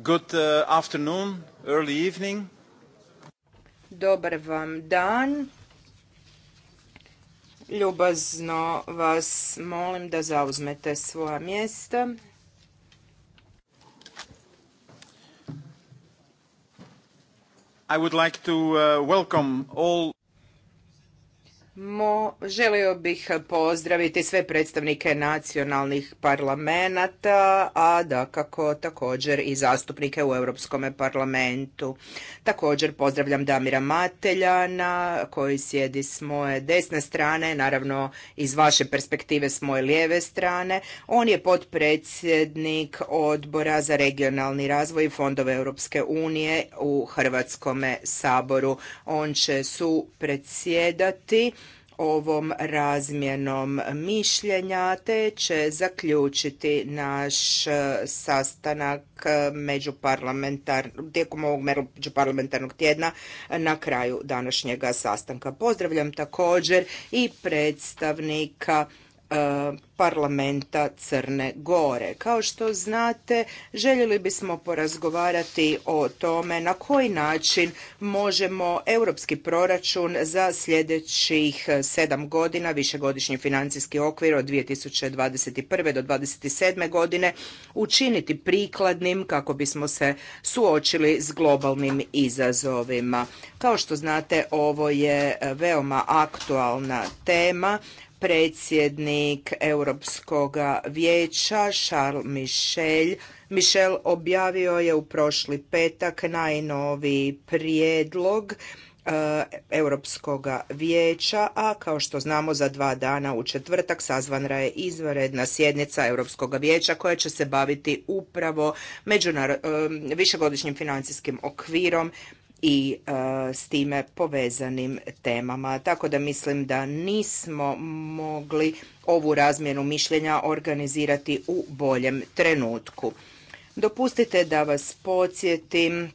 Good uh, afternoon, early evening. Dobar vam dan. Ljubazno vas molim da zauzmete svoja mjesta. I would like to uh, welcome all Mo, želio bih pozdraviti sve predstavnike nacionalnih parlamenta, a kako također i zastupnike u Europskom parlamentu. Također pozdravljam Damira Mateljana koji sjedi s moje desne strane, naravno iz vaše perspektive s moje lijeve strane. On je potpredsjednik odbora za regionalni razvoj i fondove Europske unije u Hrvatskome saboru. On će su predsjedati ovom razmjenom mišljenja te će zaključiti naš e, sastanak e, tijekom ovog međuparlamentarnog tjedna e, na kraju današnjega sastanka. Pozdravljam također i predstavnika E, parlamenta Crne Gore. Kao što znate, željeli bismo porazgovarati o tome na koji način možemo europski proračun za sljedećih sedam godina, višegodišnji financijski okvir od 2021. do 2027. godine, učiniti prikladnim kako bismo se suočili s globalnim izazovima. Kao što znate, ovo je veoma aktualna tema predsjednik Europskog vijeća Charles Michel. Michel objavio je u prošli petak najnoviji prijedlog e, Europskog vijeća, a kao što znamo za dva dana u četvrtak sazvanra je izvanredna sjednica Europskog vijeća koja će se baviti upravo e, višegodišnjim financijskim okvirom i e, s time povezanim temama. Tako da mislim da nismo mogli ovu razmjenu mišljenja organizirati u boljem trenutku. Dopustite da vas podsjetim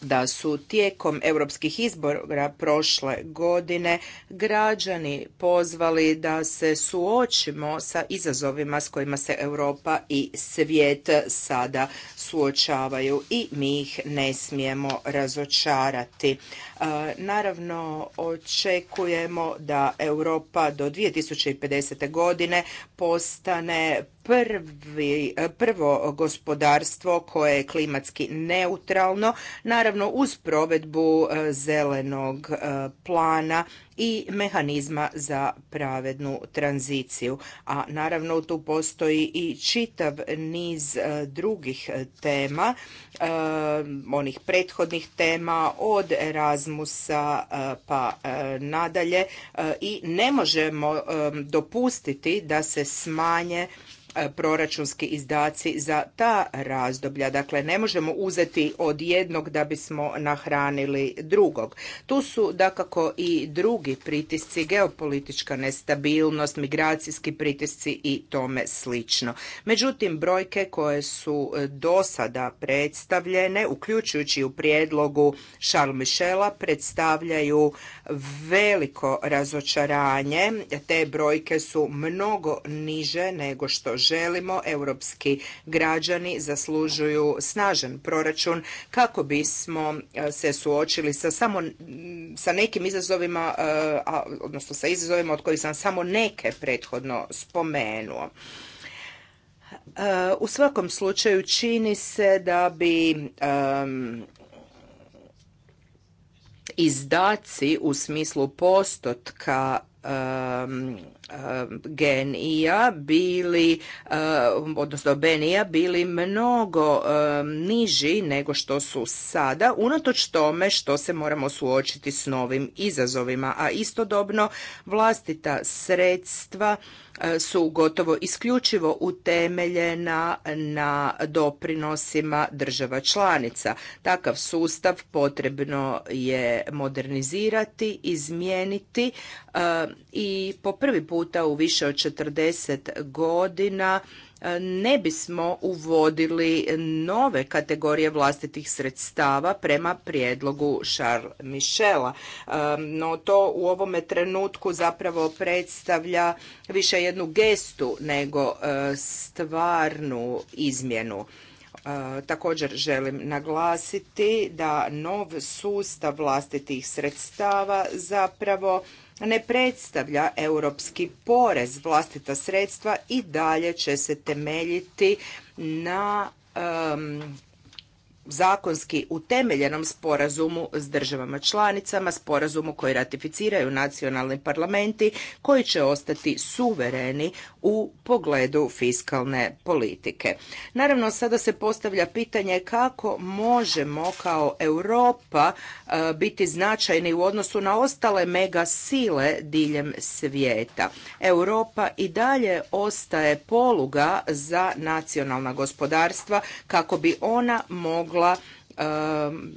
da su tijekom europskih izbora prošle godine građani pozvali da se suočimo sa izazovima s kojima se Europa i svijet sada suočavaju i mi ih ne smijemo razočarati. Naravno, očekujemo da Europa do 2050. godine postane prvi, prvo gospodarstvo koje je klimatski neutralno, naravno uz provedbu e, zelenog e, plana i mehanizma za pravednu tranziciju. A naravno tu postoji i čitav niz e, drugih tema, onih prethodnih tema od Erasmus Erasmusa e, pa e, nadalje e, i ne možemo dopustiti da se smanje E, proračunski izdaci za ta razdoblja. Dakle, ne možemo uzeti od jednog da bismo nahranili drugog. Tu su dakako i drugi pritisci, geopolitička nestabilnost, migracijski pritisci i tome slično. Međutim, brojke koje su e, do sada predstavljene, uključujući u prijedlogu Charles Michela, predstavljaju veliko razočaranje. Te brojke su mnogo niže nego što želimo, europski građani zaslužuju snažan proračun kako bismo e, se suočili sa samo sa nekim izazovima, e, odnosno sa izazovima od kojih sam samo neke prethodno spomenuo. E, u svakom slučaju čini se da bi izdaci u smislu postotka genija bili, eh, odnosno benija, bili mnogo eh, niži nego što su sada, unatoč tome što se moramo suočiti s novim izazovima, a istodobno vlastita sredstva E, su gotovo isključivo utemeljena na doprinosima država članica. Takav sustav potrebno je modernizirati, izmijeniti e, i po prvi puta u više od 40 godina ne bismo uvodili nove kategorije vlastitih sredstava prema prijedlogu Charles Michela. E, no to u ovome trenutku zapravo predstavlja više jednu gestu nego e, stvarnu izmjenu. E, također želim naglasiti da nov sustav vlastitih sredstava zapravo ne predstavlja europski porez. Vlastita sredstva i dalje će se temeljiti na zakonski utemeljenom sporazumu s državama članicama, sporazumu koji ratificiraju nacionalni parlamenti koji će ostati suvereni u pogledu fiskalne politike. Naravno, sada se postavlja pitanje kako možemo kao Europa e, biti značajni u odnosu na ostale mega sile diljem svijeta. Europa i dalje ostaje poluga za nacionalna gospodarstva kako bi ona mogla mogla eh,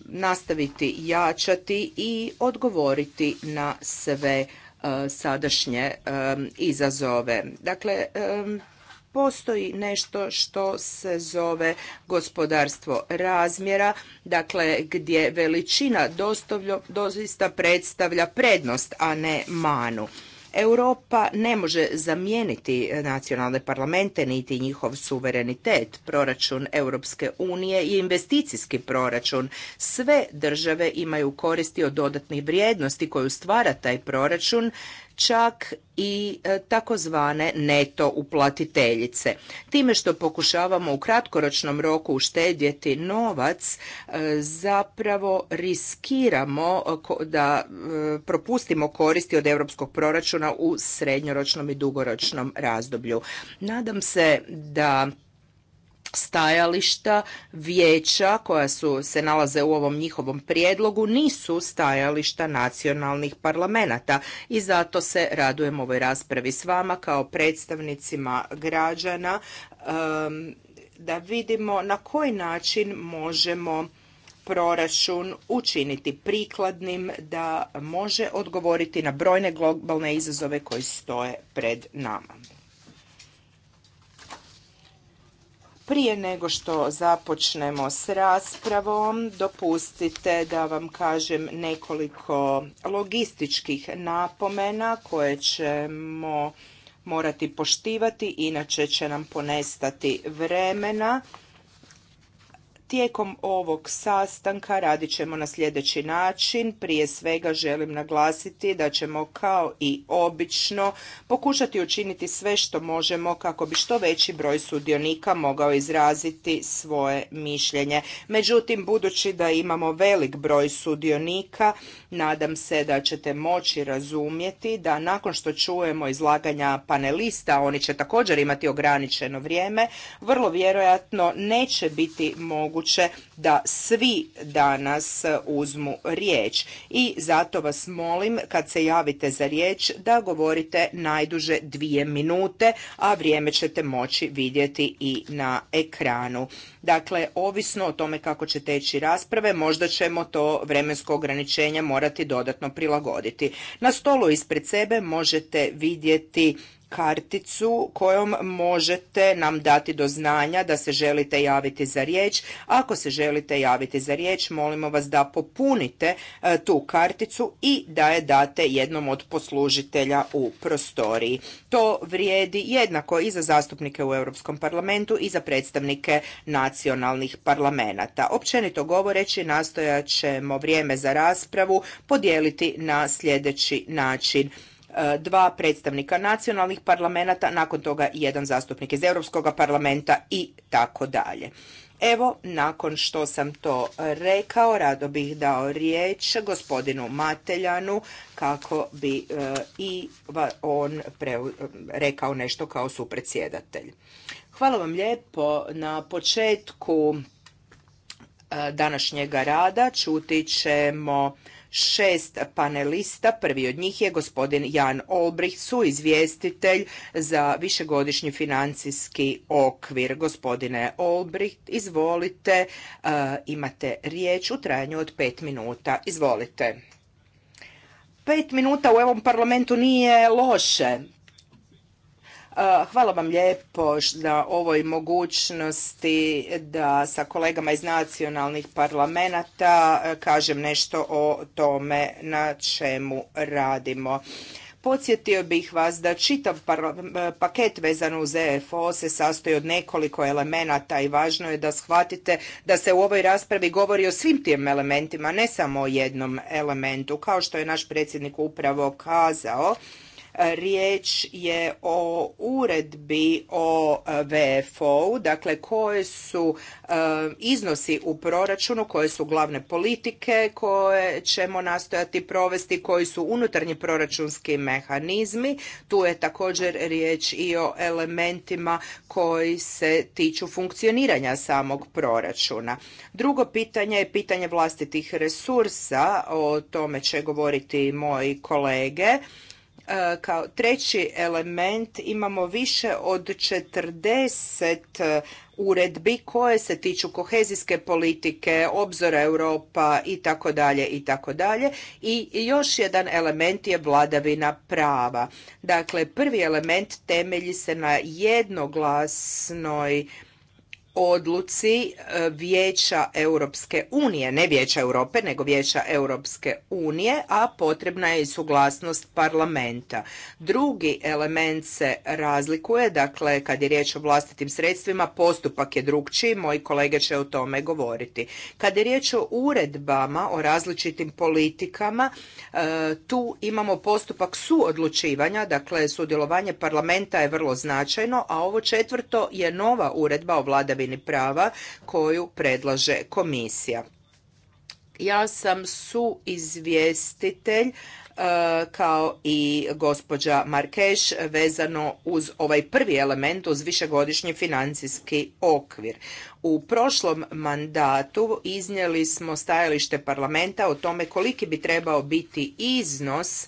nastaviti jačati i odgovoriti na sve eh, sadašnje eh, izazove. Dakle, postoji nešto što se zove gospodarstvo razmjera, dakle gdje veličina doista predstavlja prednost, a ne manu. Europa ne može zamijeniti nacionalne parlamente niti njihov suverenitet. Proračun Europske unije i investicijski proračun. Sve države imaju koristi od dodatnih vrijednosti koju stvara taj proračun čak i e, takozvane neto uplatiteljice. Time što pokušavamo u kratkoročnom roku uštedjeti novac, e, zapravo riskiramo e, da propustimo koristi od europskog proračuna u srednjoročnom i dugoročnom razdoblju. Nadam se da stajališta vijeća koja su se nalaze u ovom njihovom prijedlogu nisu stajališta nacionalnih parlamenata i zato se radujem ovoj raspravi s vama kao predstavnicima građana um, da vidimo na koji način možemo proračun učiniti prikladnim da može odgovoriti na brojne globalne izazove koji stoje pred nama. Prije nego što započnemo s raspravom, dopustite da vam kažem nekoliko logističkih napomena koje ćemo morati poštivati, inače će nam ponestati vremena. Tijekom ovog sastanka radit ćemo na sljedeći način. Prije svega želim naglasiti da ćemo kao i obično pokušati učiniti sve što možemo kako bi što veći broj sudionika mogao izraziti svoje mišljenje. Međutim, budući da imamo velik broj sudionika, nadam se da ćete moći razumjeti da nakon što čujemo izlaganja panelista, oni će također imati ograničeno vrijeme, vrlo vjerojatno neće biti moguće moguće da svi danas uzmu riječ i zato vas molim kad se javite za riječ da govorite najduže dvije minute, a vrijeme ćete moći vidjeti i na ekranu. Dakle, ovisno o tome kako će teći rasprave, možda ćemo to vremensko ograničenje morati dodatno prilagoditi. Na stolu ispred sebe možete vidjeti karticu kojom možete nam dati do znanja da se želite javiti za riječ. Ako se želite javiti za riječ, molimo vas da popunite e, tu karticu i da je date jednom od poslužitelja u prostoriji. To vrijedi jednako i za zastupnike u Europskom parlamentu i za predstavnike nacionalnih parlamenta. Općenito govoreći, nastojat ćemo vrijeme za raspravu podijeliti na sljedeći način E, dva predstavnika nacionalnih parlamenata, nakon toga jedan zastupnik iz Europskog parlamenta i tako dalje. Evo, nakon što sam to rekao, rado bih dao riječ gospodinu Mateljanu kako bi e, i on rekao nešto kao supredsjedatelj. Hvala vam lijepo. Na početku e, današnjega rada čuti ćemo šest panelista. Prvi od njih je gospodin Jan su izvjestitelj za višegodišnji financijski okvir. Gospodine Olbricht, izvolite, e, imate riječ u trajanju od pet minuta. Izvolite. Pet minuta u ovom parlamentu nije loše. Eh, hvala vam lijepo na ovoj mogućnosti da sa kolegama iz nacionalnih parlamenta eh, kažem nešto o tome na čemu radimo. Podsjetio bih vas da čitav eh, paket vezan uz EFO se sastoji od nekoliko elemenata i važno je da shvatite da se u ovoj raspravi govori o svim tim elementima, ne samo o jednom elementu. Kao što je naš predsjednik upravo kazao, Riječ je o uredbi o e, VFO-u, dakle koje su e, iznosi u proračunu, koje su glavne politike koje ćemo nastojati provesti, koji su unutarnji proračunski mehanizmi. Tu je također riječ i o elementima koji se tiču funkcioniranja samog proračuna. Drugo pitanje je pitanje vlastitih resursa, o tome će govoriti moji kolege. E, kao treći element imamo više od 40 e, uredbi koje se tiču kohezijske politike, obzora Europa i tako dalje i tako dalje. I još jedan element je vladavina prava. Dakle, prvi element temelji se na jednoglasnoj odluci e, Vijeća Europske unije, ne Vijeća Europe, nego Vijeća Europske unije, a potrebna je i suglasnost parlamenta. Drugi element se razlikuje, dakle kad je riječ o vlastitim sredstvima, postupak je drugčiji, moji kolege će o tome govoriti. Kad je riječ o uredbama, o različitim politikama, e, tu imamo postupak suodlučivanja, dakle sudjelovanje parlamenta je vrlo značajno, a ovo četvrto je nova uredba o vladavi vladavini prava koju predlaže komisija. Ja sam su suizvjestitelj E, kao i gospođa Markeš vezano uz ovaj prvi element uz višegodišnji financijski okvir. U prošlom mandatu iznijeli smo stajalište parlamenta o tome koliki bi trebao biti iznos e,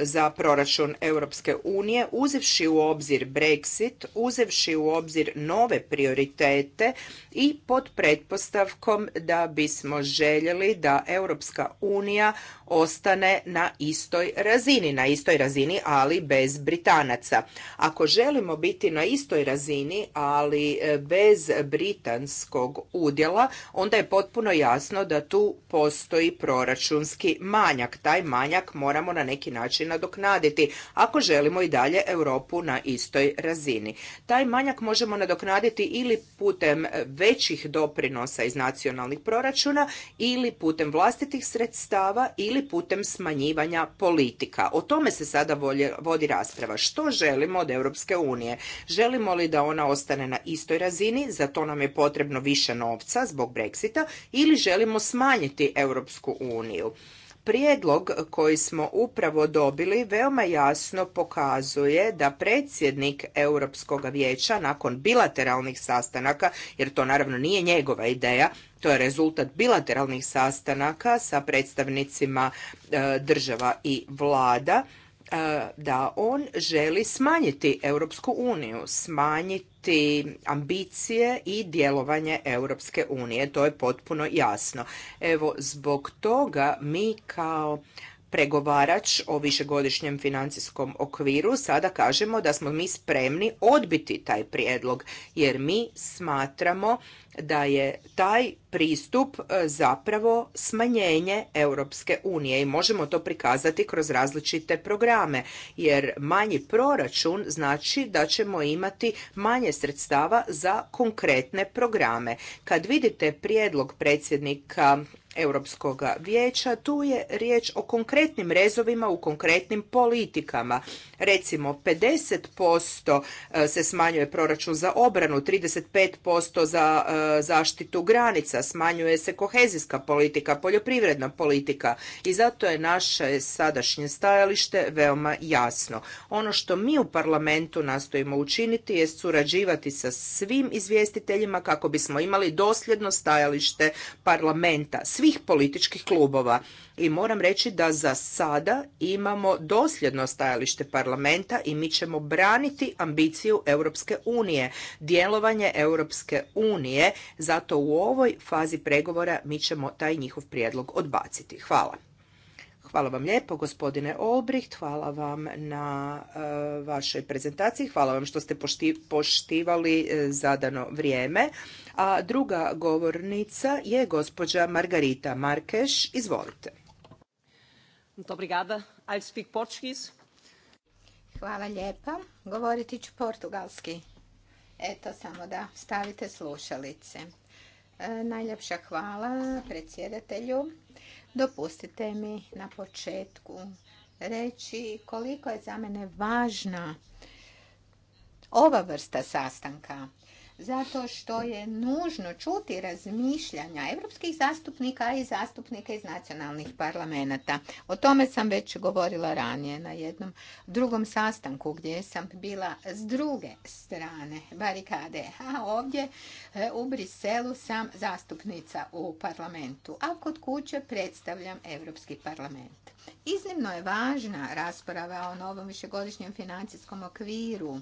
za proračun Europske unije uzevši u obzir Brexit, uzevši u obzir nove prioritete i pod pretpostavkom da bismo željeli da Europska unija ostane na istoj razini, na istoj razini ali bez Britanaca. Ako želimo biti na istoj razini ali e, bez britanskog udjela, onda je potpuno jasno da tu postoji proračunski manjak. Taj manjak moramo na neki način nadoknaditi ako želimo i dalje Europu na istoj razini. Taj manjak možemo nadoknaditi ili putem većih doprinosa iz nacionalnih proračuna ili putem vlastitih sredstava ili ili putem smanjivanja politika. O tome se sada vodi rasprava. Što želimo od Europske unije? Želimo li da ona ostane na istoj razini, za to nam je potrebno više novca zbog Brexita ili želimo smanjiti Europsku uniju? Prijedlog koji smo upravo dobili veoma jasno pokazuje da predsjednik Europskog vijeća nakon bilateralnih sastanaka, jer to naravno nije njegova ideja, to je rezultat bilateralnih sastanaka sa predstavnicima e, država i vlada e, da on želi smanjiti Europsku uniju, smanjiti ambicije i djelovanje Europske unije. To je potpuno jasno. Evo, zbog toga mi kao pregovarač o višegodišnjem financijskom okviru, sada kažemo da smo mi spremni odbiti taj prijedlog jer mi smatramo da je taj pristup e, zapravo smanjenje Europske unije i možemo to prikazati kroz različite programe jer manji proračun znači da ćemo imati manje sredstava za konkretne programe. Kad vidite prijedlog predsjednika Europskog vijeća. Tu je riječ o konkretnim rezovima u konkretnim politikama. Recimo 50% e, se smanjuje proračun za obranu, 35% za e, zaštitu granica, smanjuje se kohezijska politika, poljoprivredna politika i zato je naše sadašnje stajalište veoma jasno. Ono što mi u parlamentu nastojimo učiniti je surađivati sa svim izvjestiteljima kako bismo imali dosljedno stajalište parlamenta. Svi svih političkih klubova. I moram reći da za sada imamo dosljedno stajalište parlamenta i mi ćemo braniti ambiciju Europske unije, djelovanje Europske unije, zato u ovoj fazi pregovora mi ćemo taj njihov prijedlog odbaciti. Hvala. Hvala vam lijepo gospodine Olbricht, hvala vam na e, vašoj prezentaciji, hvala vam što ste poštivali e, zadano vrijeme. A druga govornica je gospođa Margarita Markeš, izvolite. Hvala lijepa. Govoriti ću portugalski. Eto, samo da stavite slušalice. E, najljepša hvala predsjedatelju. Dopustite mi na početku reći koliko je za mene važna ova vrsta sastanka zato što je nužno čuti razmišljanja europskih zastupnika i zastupnika iz nacionalnih parlamenta. O tome sam već govorila ranije na jednom drugom sastanku gdje sam bila s druge strane barikade, a ovdje e, u Briselu sam zastupnica u parlamentu, a kod kuće predstavljam Europski parlament. Iznimno je važna rasprava o novom višegodišnjem financijskom okviru,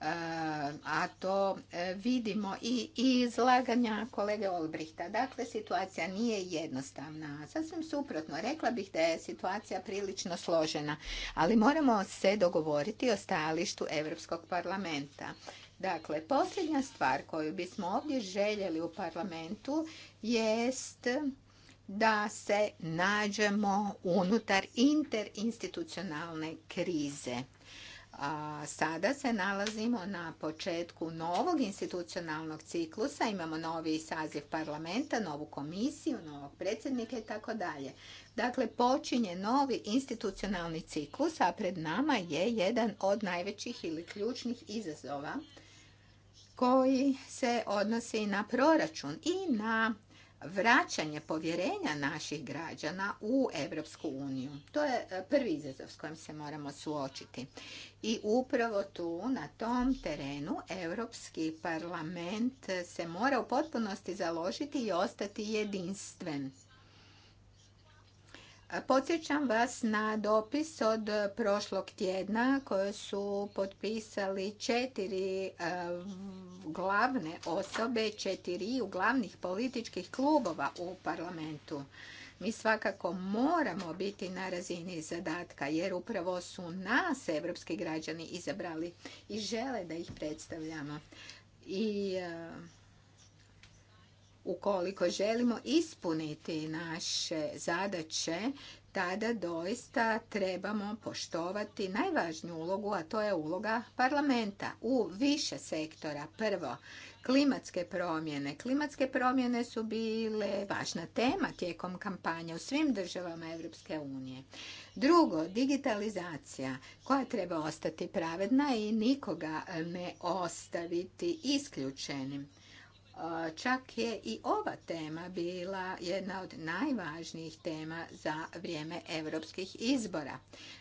a to e, vidimo i izlaganja kolege Olbrihta. Dakle, situacija nije jednostavna. Sasvim suprotno, rekla bih da je situacija prilično složena, ali moramo se dogovoriti o stajalištu Europskog parlamenta. Dakle, posljednja stvar koju bismo ovdje željeli u parlamentu jest da se nađemo unutar interinstitucionalne krize a sada se nalazimo na početku novog institucionalnog ciklusa, imamo novi saziv parlamenta, novu komisiju, novog predsjednika i tako dalje. Dakle, počinje novi institucionalni ciklus, a pred nama je jedan od najvećih ili ključnih izazova koji se odnosi na proračun i na vraćanje povjerenja naših građana u Europsku uniju. To je e, prvi izazov s kojim se moramo suočiti. I upravo tu, na tom terenu, Europski parlament se mora u potpunosti založiti i ostati jedinstven. Podsjećam vas na dopis od prošlog tjedna koje su potpisali četiri e, glavne osobe, četiri glavnih političkih klubova u parlamentu. Mi svakako moramo biti na razini zadatka jer upravo su nas evropski građani izabrali i žele da ih predstavljamo. I e, ukoliko želimo ispuniti naše zadaće, tada doista trebamo poštovati najvažniju ulogu, a to je uloga parlamenta u više sektora. Prvo, klimatske promjene. Klimatske promjene su bile važna tema tijekom kampanje u svim državama Europske unije. Drugo, digitalizacija koja treba ostati pravedna i nikoga ne ostaviti isključenim. Čak je i ova tema bila jedna od najvažnijih tema za vrijeme europskih izbora.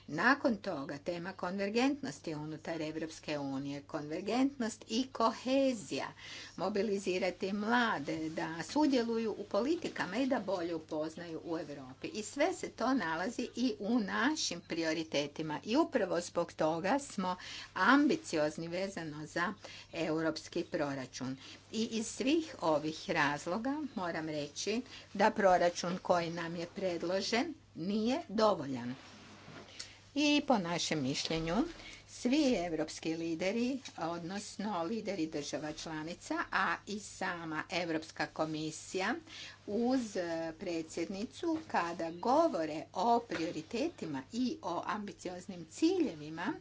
Nakon toga tema konvergentnosti unutar Europske unije, konvergentnost i kohezija, mobilizirati mlade da sudjeluju u politikama i da bolje upoznaju u Europi. I sve se to nalazi i u našim prioritetima i upravo zbog toga smo ambiciozni vezano za europski proračun. I iz svih ovih razloga moram reći da proračun koji nam je predložen nije dovoljan. I po našem mišljenju svi evropski lideri, odnosno lideri država članica, a i sama Evropska komisija uz e, predsjednicu kada govore o prioritetima i o ambicioznim ciljevima,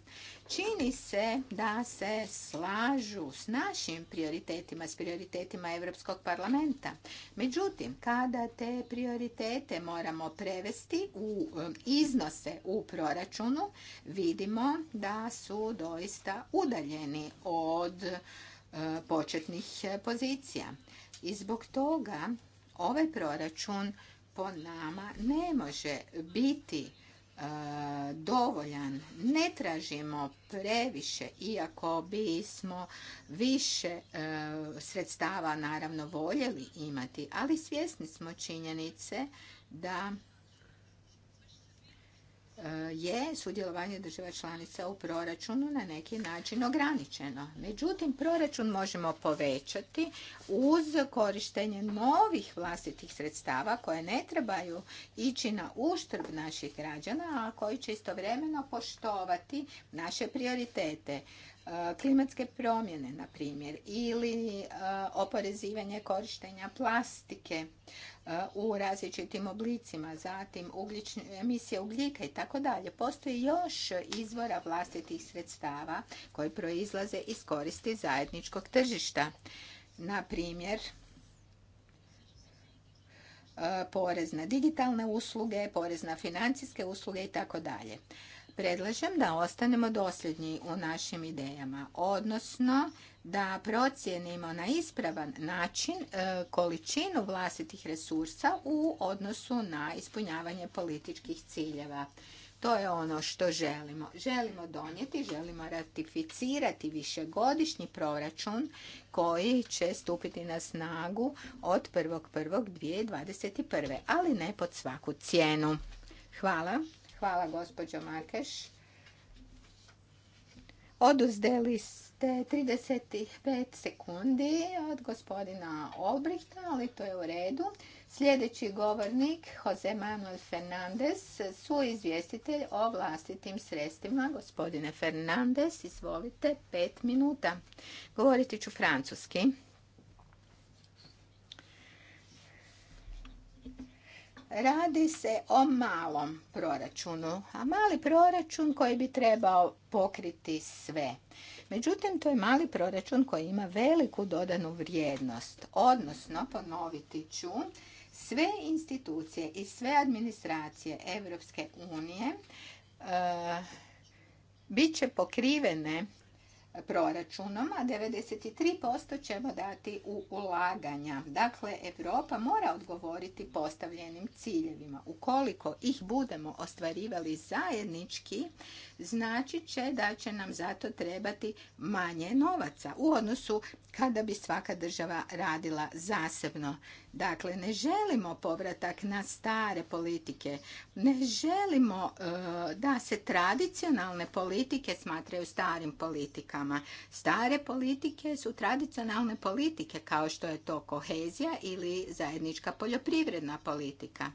čini se da se slažu s našim prioritetima, s prioritetima Europskog parlamenta. Međutim, kada te prioritete moramo prevesti u e, iznose u proračunu, vidimo da su doista udaljeni od e, početnih pozicija. I zbog toga Ovaj proračun po nama ne može biti e, dovoljan. Ne tražimo previše, iako bismo više e, sredstava naravno voljeli imati, ali svjesni smo činjenice da E, je sudjelovanje država članica u proračunu na neki način ograničeno. Međutim, proračun možemo povećati uz korištenje novih vlastitih sredstava koje ne trebaju ići na uštrb naših građana, a koji će istovremeno poštovati naše prioritete e, klimatske promjene, na primjer, ili e, oporezivanje korištenja plastike, u različitim oblicima, zatim emisije ugljika i tako dalje. Postoji još izvora vlastitih sredstava koji proizlaze iz koristi zajedničkog tržišta. Na primjer, e, porez na digitalne usluge, porez na financijske usluge i tako dalje. Predlažem da ostanemo dosljednji u našim idejama, odnosno da procijenimo na ispravan način e, količinu vlastitih resursa u odnosu na ispunjavanje političkih ciljeva. To je ono što želimo. Želimo donijeti, želimo ratificirati višegodišnji proračun koji će stupiti na snagu od 1.1.2021. Ali ne pod svaku cijenu. Hvala. Hvala gospođo Markeš. Oduzdeli 35 sekundi od gospodina Olbrihta, ali to je u redu. Sljedeći govornik, Jose Manuel Fernandez, su izvjestitelj o vlastitim sredstvima. Gospodine Fernandez, izvolite, pet minuta. Govoriti ću francuski. Radi se o malom proračunu, a mali proračun koji bi trebao pokriti sve. Međutim, to je mali proračun koji ima veliku dodanu vrijednost. Odnosno, ponoviti ću, sve institucije i sve administracije Europske unije e, bit će pokrivene proračunom, a 93% ćemo dati u ulaganja. Dakle, Europa mora odgovoriti postavljenim ciljevima. Ukoliko ih budemo ostvarivali zajednički, znači će da će nam zato trebati manje novaca u odnosu kada bi svaka država radila zasebno. Dakle, ne želimo povratak na stare politike. Ne želimo e, da se tradicionalne politike smatraju starim politikama. Stare politike su tradicionalne politike kao što je to kohezija ili zajednička poljoprivredna politika.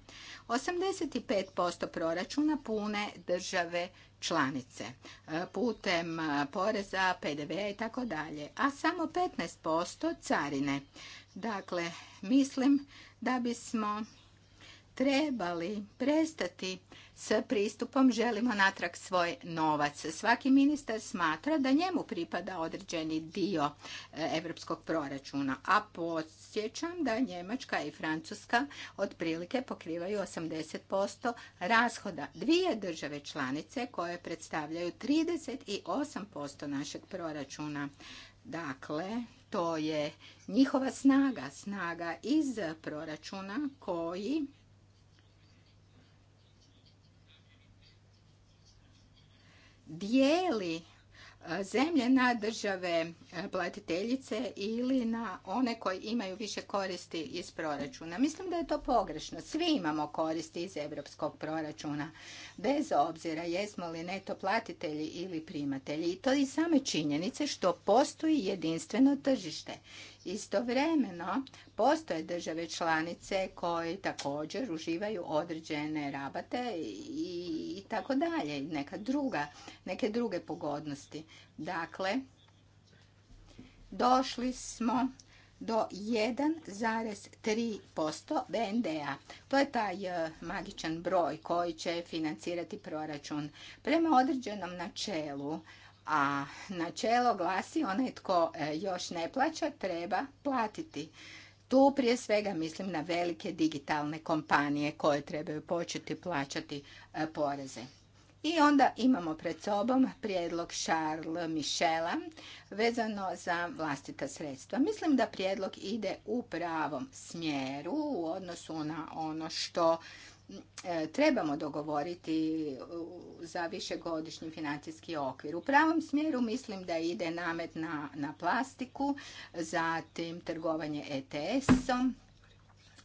85% proračuna pune države članice e, putem e, poreza, PDV i tako dalje, a samo 15% carine. Dakle, mislim da bismo trebali prestati s pristupom želimo natrag svoj novac. Svaki ministar smatra da njemu pripada određeni dio europskog proračuna, a podsjećam da Njemačka i Francuska otprilike pokrivaju 80% rashoda. Dvije države članice koje predstavljaju 38% našeg proračuna. Dakle, to je njihova snaga, snaga iz proračuna koji dijeli e, zemlje na države e, platiteljice ili na one koji imaju više koristi iz proračuna. Mislim da je to pogrešno. Svi imamo koristi iz europskog proračuna, bez obzira jesmo li neto platitelji ili primatelji. I to i same činjenice što postoji jedinstveno tržište. Istovremeno, postoje države članice koje također uživaju određene rabate i tako dalje, neka druga, neke druge pogodnosti. Dakle, došli smo do 1,3% BND-a. To je taj e, magičan broj koji će financirati proračun. Prema određenom načelu a načelo glasi onaj tko e, još ne plaća treba platiti. Tu prije svega mislim na velike digitalne kompanije koje trebaju početi plaćati e, poreze. I onda imamo pred sobom prijedlog Charles Michela vezano za vlastita sredstva. Mislim da prijedlog ide u pravom smjeru u odnosu na ono što E, trebamo dogovoriti e, za višegodišnji financijski okvir. U pravom smjeru mislim da ide namet na, na plastiku, zatim trgovanje ETS-om,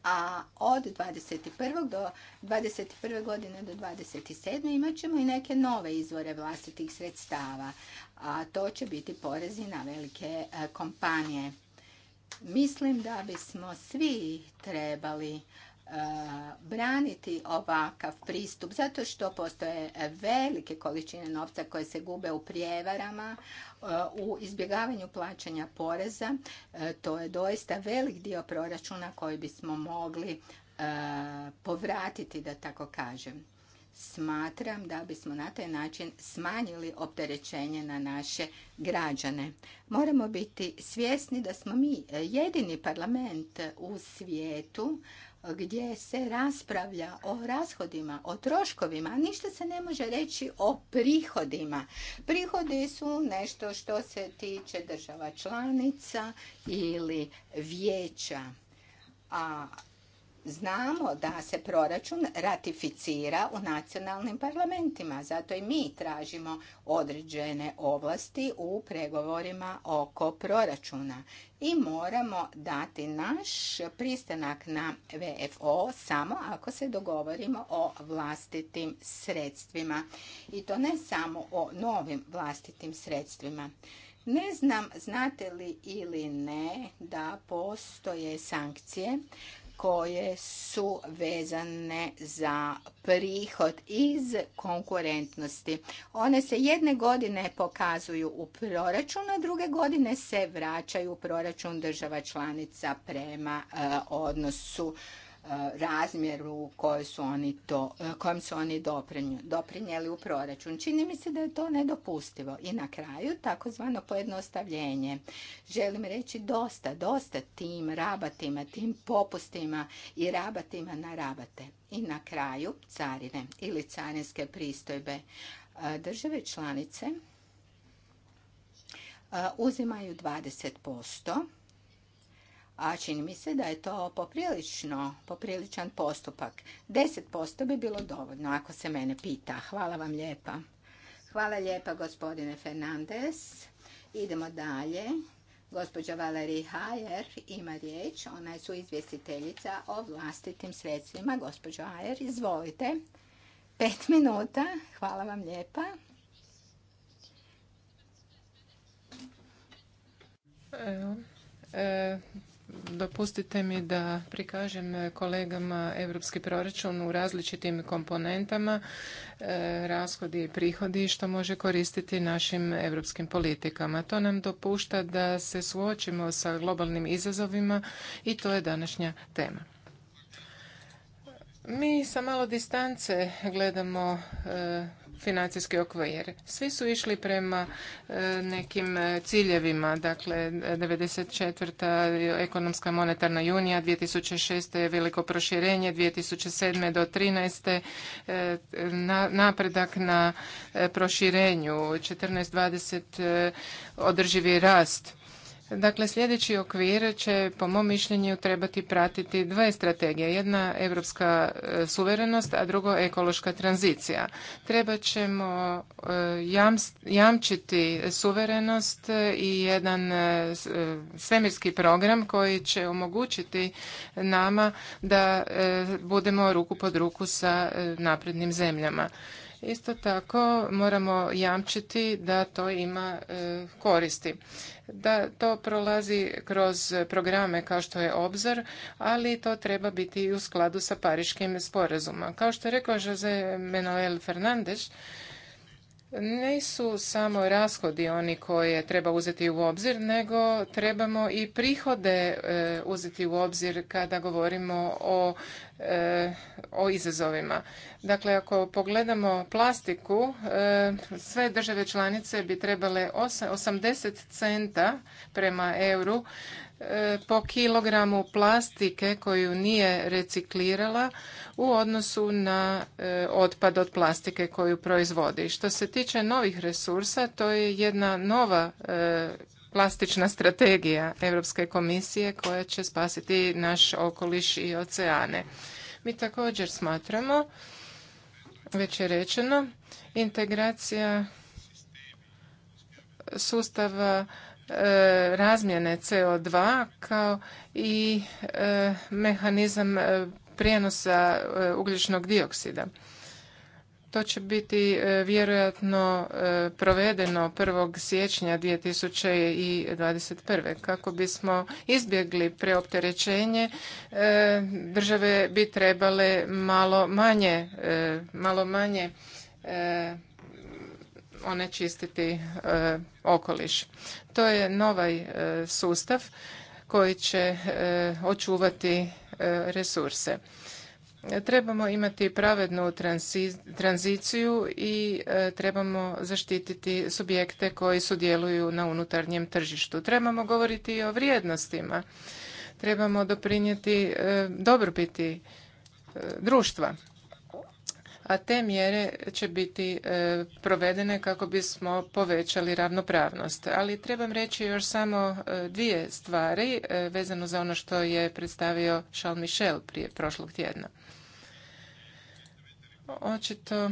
a od 21. do 21. godine do 27. imat ćemo i neke nove izvore vlastitih sredstava, a to će biti porezi na velike e, kompanije. Mislim da bismo svi trebali Eh, braniti ovakav pristup zato što postoje velike količine novca koje se gube u prijevarama, eh, u izbjegavanju plaćanja poreza. Eh, to je doista velik dio proračuna koji bismo mogli povratiti, da tako kažem. Smatram da bismo na taj način smanjili opterećenje na naše građane. Moramo biti svjesni da smo mi jedini parlament u svijetu gdje se raspravlja o rashodima, o troškovima, ništa se ne može reći o prihodima. Prihodi su nešto što se tiče država članica ili vijeća. A Znamo da se proračun ratificira u nacionalnim parlamentima, zato i mi tražimo određene ovlasti u pregovorima oko proračuna i moramo dati naš pristanak na VFO samo ako se dogovorimo o vlastitim sredstvima i to ne samo o novim vlastitim sredstvima. Ne znam znate li ili ne da postoje sankcije koje su vezane za prihod iz konkurentnosti. One se jedne godine pokazuju u proračunu, a druge godine se vraćaju u proračun država članica prema e, odnosu razmjeru su oni to, kojem su oni doprinijeli u proračun. Čini mi se da je to nedopustivo. I na kraju takozvano pojednostavljenje. Želim reći dosta, dosta tim rabatima, tim popustima i rabatima na rabate. I na kraju carine ili carinske pristojbe. E, države članice e, uzimaju 20%, a čini mi se da je to poprilično, popriličan postupak. 10% bi bilo dovoljno, ako se mene pita. Hvala vam lijepa. Hvala lijepa, gospodine Fernandez. Idemo dalje. Gospođa Valerie Hajer ima riječ. Ona je suizvjestiteljica o vlastitim sredstvima. Gospođo Hajer, izvolite. Pet minuta. Hvala vam lijepa. E, dopustite mi da prikažem kolegama europski proračun u različitim komponentama, e, rashodi i prihodi što može koristiti našim europskim politikama. To nam dopušta da se suočimo sa globalnim izazovima i to je današnja tema. Mi sa malo distance gledamo e, financijski okvir. Svi su išli prema e, nekim e, ciljevima, dakle 94. ekonomska monetarna junija, 2006. veliko proširenje, 2007. do 13. E, napredak na proširenju, 14. 20. održivi rast Dakle, sljedeći okvir će, po mom mišljenju, trebati pratiti dve strategije. Jedna evropska e, suverenost, a drugo ekološka tranzicija. Treba ćemo e, jamčiti suverenost i jedan e, svemirski program koji će omogućiti nama da budemo ruku pod ruku sa naprednim zemljama. Isto tako moramo jamčiti da to ima koristi da to prolazi kroz programe kao što je Obzor, ali to treba biti i u skladu sa pariškim sporazumom Kao što je rekao Jose Manuel Fernandez, nisu samo rashodi oni koje treba uzeti u obzir, nego trebamo i prihode e, uzeti u obzir kada govorimo o, e, o izazovima. Dakle, ako pogledamo plastiku, e, sve države članice bi trebale 80 centa prema euru po kilogramu plastike koju nije reciklirala u odnosu na e, otpad od plastike koju proizvodi. Što se tiče novih resursa, to je jedna nova e, plastična strategija Europske komisije koja će spasiti naš okoliš i oceane. Mi također smatramo, već je rečeno, integracija sustava E, razmjene CO2 kao i e, mehanizam e, prijenosa ugljičnog dioksida. To će biti vjerojatno provedeno 1. siječnja 2021. Kako bismo izbjegli preopterećenje, države bi trebale malo manje, malo manje onečistiti e, okoliš. To je novaj e, sustav koji će e, očuvati resurse. Trebamo imati pravednu tranziciju i trebamo zaštititi subjekte koji sudjeluju na unutarnjem tržištu. Trebamo govoriti i o vrijednostima. Trebamo doprinijeti dobrobiti društva a te mjere će biti e, provedene kako bismo povećali ravnopravnost. Ali trebam reći još samo e, dvije stvari e, vezano za ono što je predstavio Charles Michel prije prošlog tjedna. Očito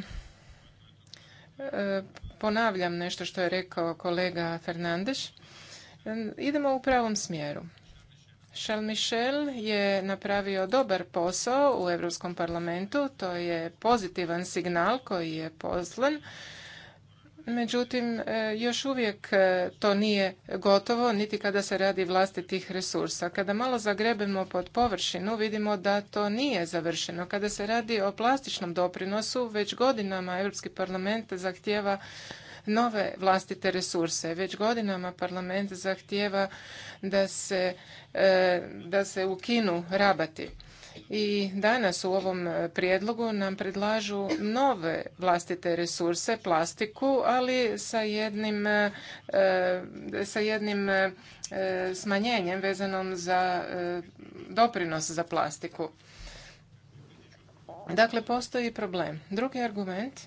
ponavljam nešto što je rekao kolega Fernandez. Idemo u pravom smjeru. Charles Michel je napravio dobar posao u Europskom parlamentu, to je pozitivan signal koji je poslan. Međutim, e, još uvijek e, to nije gotovo, niti kada se radi vlastitih resursa. Kada malo zagrebemo pod površinu, vidimo da to nije završeno. Kada se radi o plastičnom doprinosu, već godinama Europski parlament zahtjeva nove vlastite resurse. Već godinama parlament zahtijeva da se, e, da se ukinu rabati. I danas u ovom prijedlogu nam predlažu nove vlastite resurse, plastiku, ali sa jednim, e, e, sa jednim smanjenjem vezanom za doprinos za plastiku. Dakle, postoji problem. Drugi argument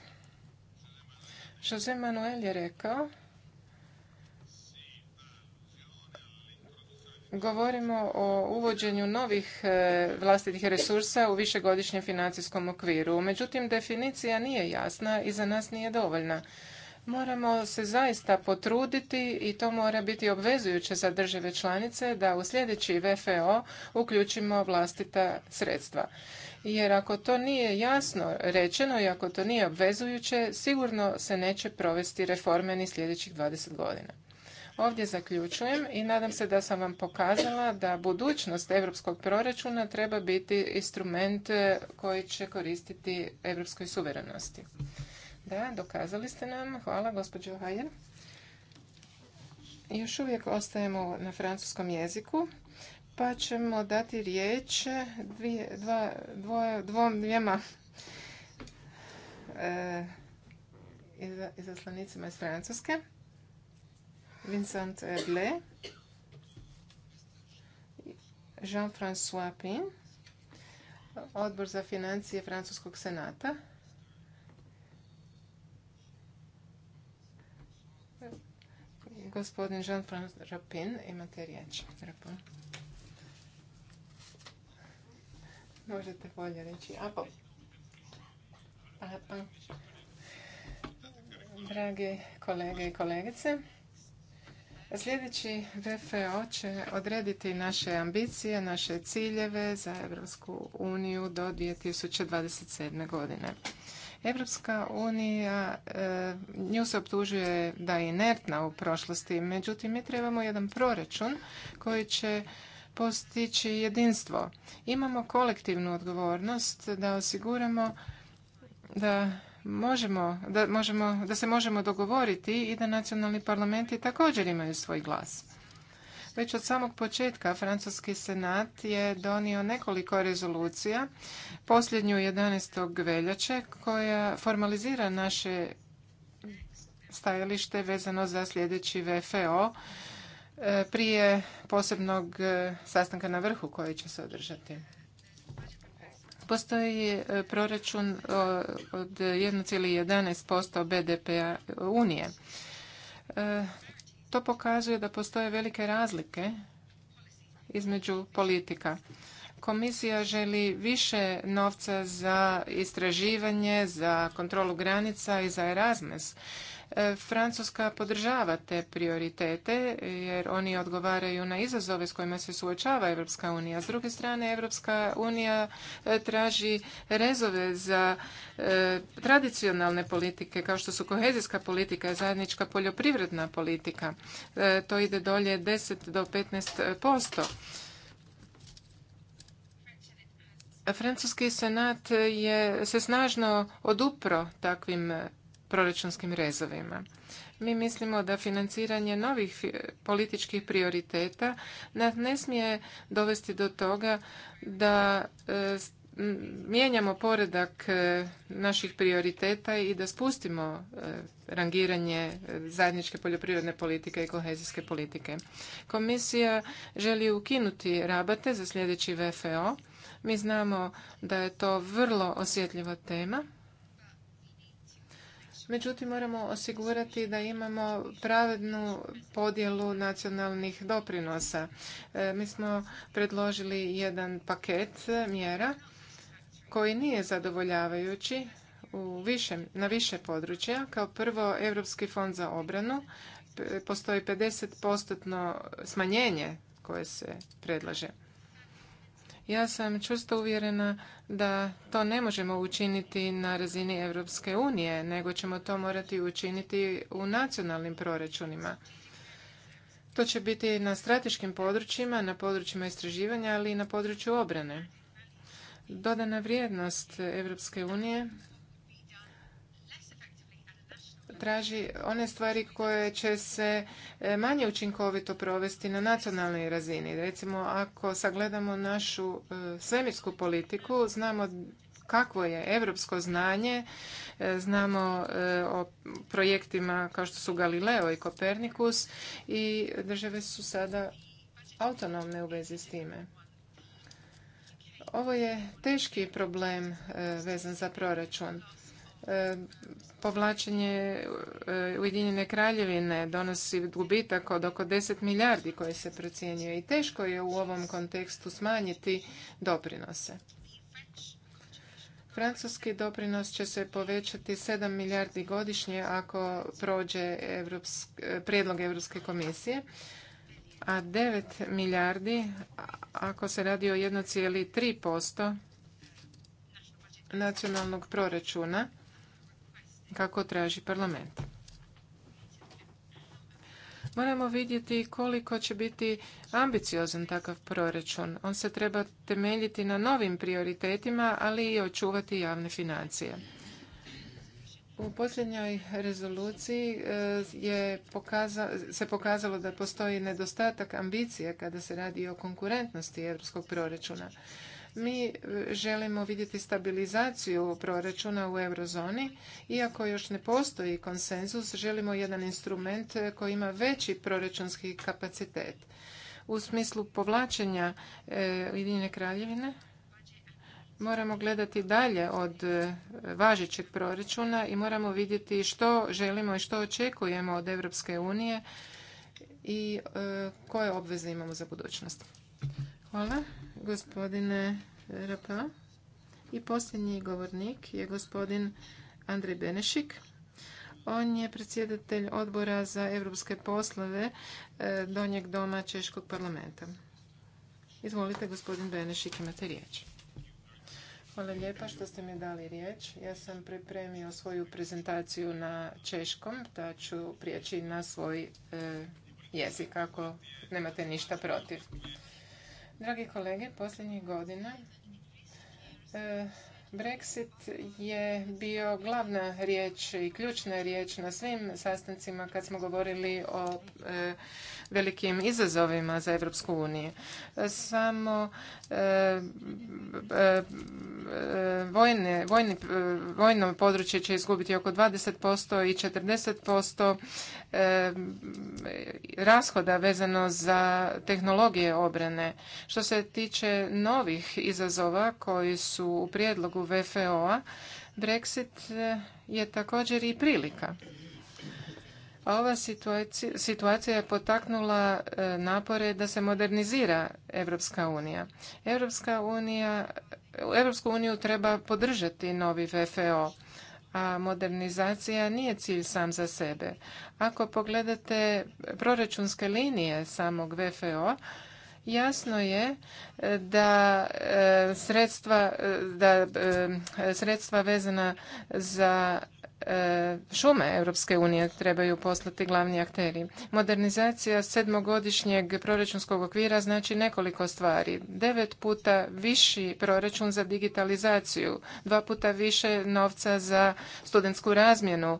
Jose Manuel je rekao Govorimo o uvođenju novih e, vlastitih resursa u višegodišnjem financijskom okviru. Međutim, definicija nije jasna i za nas nije dovoljna. Moramo se zaista potruditi i to mora biti obvezujuće za države članice da u sljedeći VFO uključimo vlastita sredstva. Jer ako to nije jasno rečeno i ako to nije obvezujuće, sigurno se neće provesti reforme ni sljedećih 20 godina. Ovdje zaključujem i nadam se da sam vam pokazala da budućnost europskog proračuna treba biti instrument koji će koristiti europskoj suverenosti. Da, dokazali ste nam. Hvala, gospođo Hajer. Još uvijek ostajemo na francuskom jeziku, pa ćemo dati riječ dvom dvijema e, izaslanicima iz Francuske. Vincent Erle, Jean-François Pin, Odbor za financije Francuskog senata. Gospodin Jean-François Rapin, imate riječ. Možete bolje reći. Apo. Pa. Apo. Pa. Dragi kolege i kolegice, Sljedeći VFO će odrediti naše ambicije, naše ciljeve za Europsku uniju do 2027. godine. Evropska unija, e, nju se optužuje da je inertna u prošlosti, međutim mi trebamo jedan proračun koji će postići jedinstvo. Imamo kolektivnu odgovornost da osiguramo da možemo, da, možemo, da se možemo dogovoriti i da nacionalni parlamenti također imaju svoj glas. Već od samog početka Francuski senat je donio nekoliko rezolucija, posljednju 11. veljače koja formalizira naše stajalište vezano za sljedeći VFO e, prije posebnog e, sastanka na vrhu koji će se održati. Postoji e, proračun od 1,11% BDP-a Unije. To pokazuje da postoje velike razlike između politika. Komisija želi više novca za istraživanje, za kontrolu granica i za Erasmus. E, Francuska podržava te prioritete jer oni odgovaraju na izazove s kojima se suočava Europska unija. S druge strane, Europska unija e, traži rezove za e, tradicionalne politike kao što su kohezijska politika, zajednička poljoprivredna politika. to ide dolje 10 do 15 posto. Francuski senat je se snažno odupro takvim proračunskim rezovima. Mi mislimo da financiranje novih političkih prioriteta nas ne smije dovesti do toga da e, mijenjamo poredak e, naših prioriteta i da spustimo e, rangiranje zajedničke poljoprivredne politike i kohezijske politike. Komisija želi ukinuti rabate za sljedeći VFO. Mi znamo da je to vrlo osjetljiva tema Međutim, moramo osigurati da imamo pravednu podjelu nacionalnih doprinosa. E, mi smo predložili jedan paket mjera koji nije zadovoljavajući u na više područja. Kao prvo, Europski fond za obranu. Postoji 50% smanjenje koje se predlaže. Ja sam čvrsto uvjerena da to ne možemo učiniti na razini Europske unije, nego ćemo to morati učiniti u nacionalnim proračunima. To će biti na strateškim područjima, na područjima istraživanja, ali i na području obrane. Dodana vrijednost Europske unije traži one stvari koje će se e, manje učinkovito provesti na nacionalnoj razini. Recimo, ako sagledamo našu e, svemirsku politiku, znamo kakvo je europsko znanje, e, znamo o projektima kao što su Galileo i Kopernikus i države su sada autonomne u vezi s time. Ovo je teški problem vezan za proračun povlačenje e, Ujedinjene kraljevine donosi gubitak od oko 10 milijardi koji se procjenjuje i teško je u ovom kontekstu smanjiti doprinose. Francuski doprinos će se povećati 7 milijardi godišnje ako prođe prijedlog Europske komisije, a 9 milijardi ako se radi o 1,3% nacionalnog proračuna kako traži parlament. Moramo vidjeti koliko će biti ambiciozan takav proračun. On se treba temeljiti na novim prioritetima, ali i očuvati javne financije. U posljednjoj rezoluciji eh, je se pokazalo da postoji nedostatak ambicije kada se radi o konkurentnosti europskog proračuna. Mi e, želimo vidjeti stabilizaciju proračuna u eurozoni. Iako još ne postoji konsenzus, želimo jedan instrument e, koji ima veći proračunski kapacitet. U smislu povlačenja e, Ujedinjene kraljevine, moramo gledati dalje od važećeg proračuna i moramo vidjeti što želimo i što očekujemo od Europske unije i koje obveze imamo za budućnost. Hvala gospodine Rapa. I posljednji govornik je gospodin Andrej Benešik. On je predsjedatelj odbora za europske poslove e, Donjeg doma Češkog parlamenta. Izvolite, gospodin Benešik, imate riječ. Hvala lijepa što ste mi dali riječ. Ja sam pripremio svoju prezentaciju na češkom, da ću prijeći na svoj e, jezik ako nemate ništa protiv. Dragi kolege, posljednjih godina e, Brexit je bio glavna riječ i ključna riječ na svim sastancima kad smo govorili o e, velikim izazovima za Europsku uniju. Samo e, e, e, vojno područje će izgubiti oko 20% i 40% rashoda vezano za tehnologije obrane. Što se tiče novih izazova koji su u prijedlogu VFO-a, Brexit je također i prilika. Ova situacija je potaknula e, napore da se modernizira Europska unija. Europska unija, Europsku uniju treba podržati novi VFO, a modernizacija nije cilj sam za sebe. Ako pogledate proračunske linije samog VFO, jasno je e, da e, sredstva, da sredstva vezana za E, šume Europske unije trebaju poslati glavni akteri. Modernizacija sedmogodišnjeg proračunskog okvira znači nekoliko stvari. Devet puta viši proračun za digitalizaciju, dva puta više novca za studentsku razmjenu,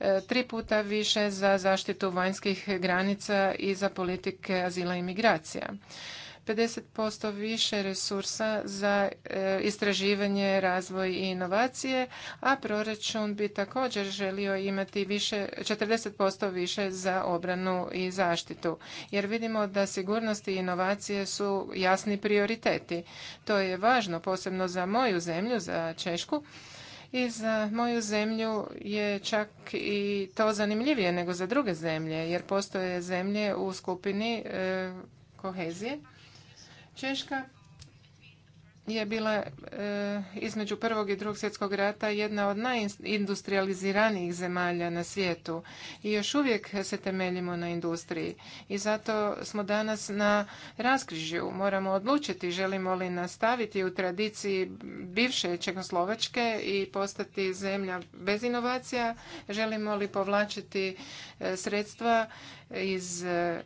e, tri puta više za zaštitu vanjskih granica i za politike azila i migracija. 50% više resursa za e, istraživanje, razvoj i inovacije, a proračun bi također želio imati više, 40% više za obranu i zaštitu. Jer vidimo da sigurnost i inovacije su jasni prioriteti. To je važno posebno za moju zemlju, za Češku. I za moju zemlju je čak i to zanimljivije nego za druge zemlje, jer postoje zemlje u skupini e, kohezije Češka je bila e, između prvog i drugog svjetskog rata jedna od najindustrializiranijih zemalja na svijetu i još uvijek se temeljimo na industriji i zato smo danas na raskrižju. Moramo odlučiti želimo li nastaviti u tradiciji bivše Čegoslovačke i postati zemlja bez inovacija, želimo li povlačiti e, sredstva iz e,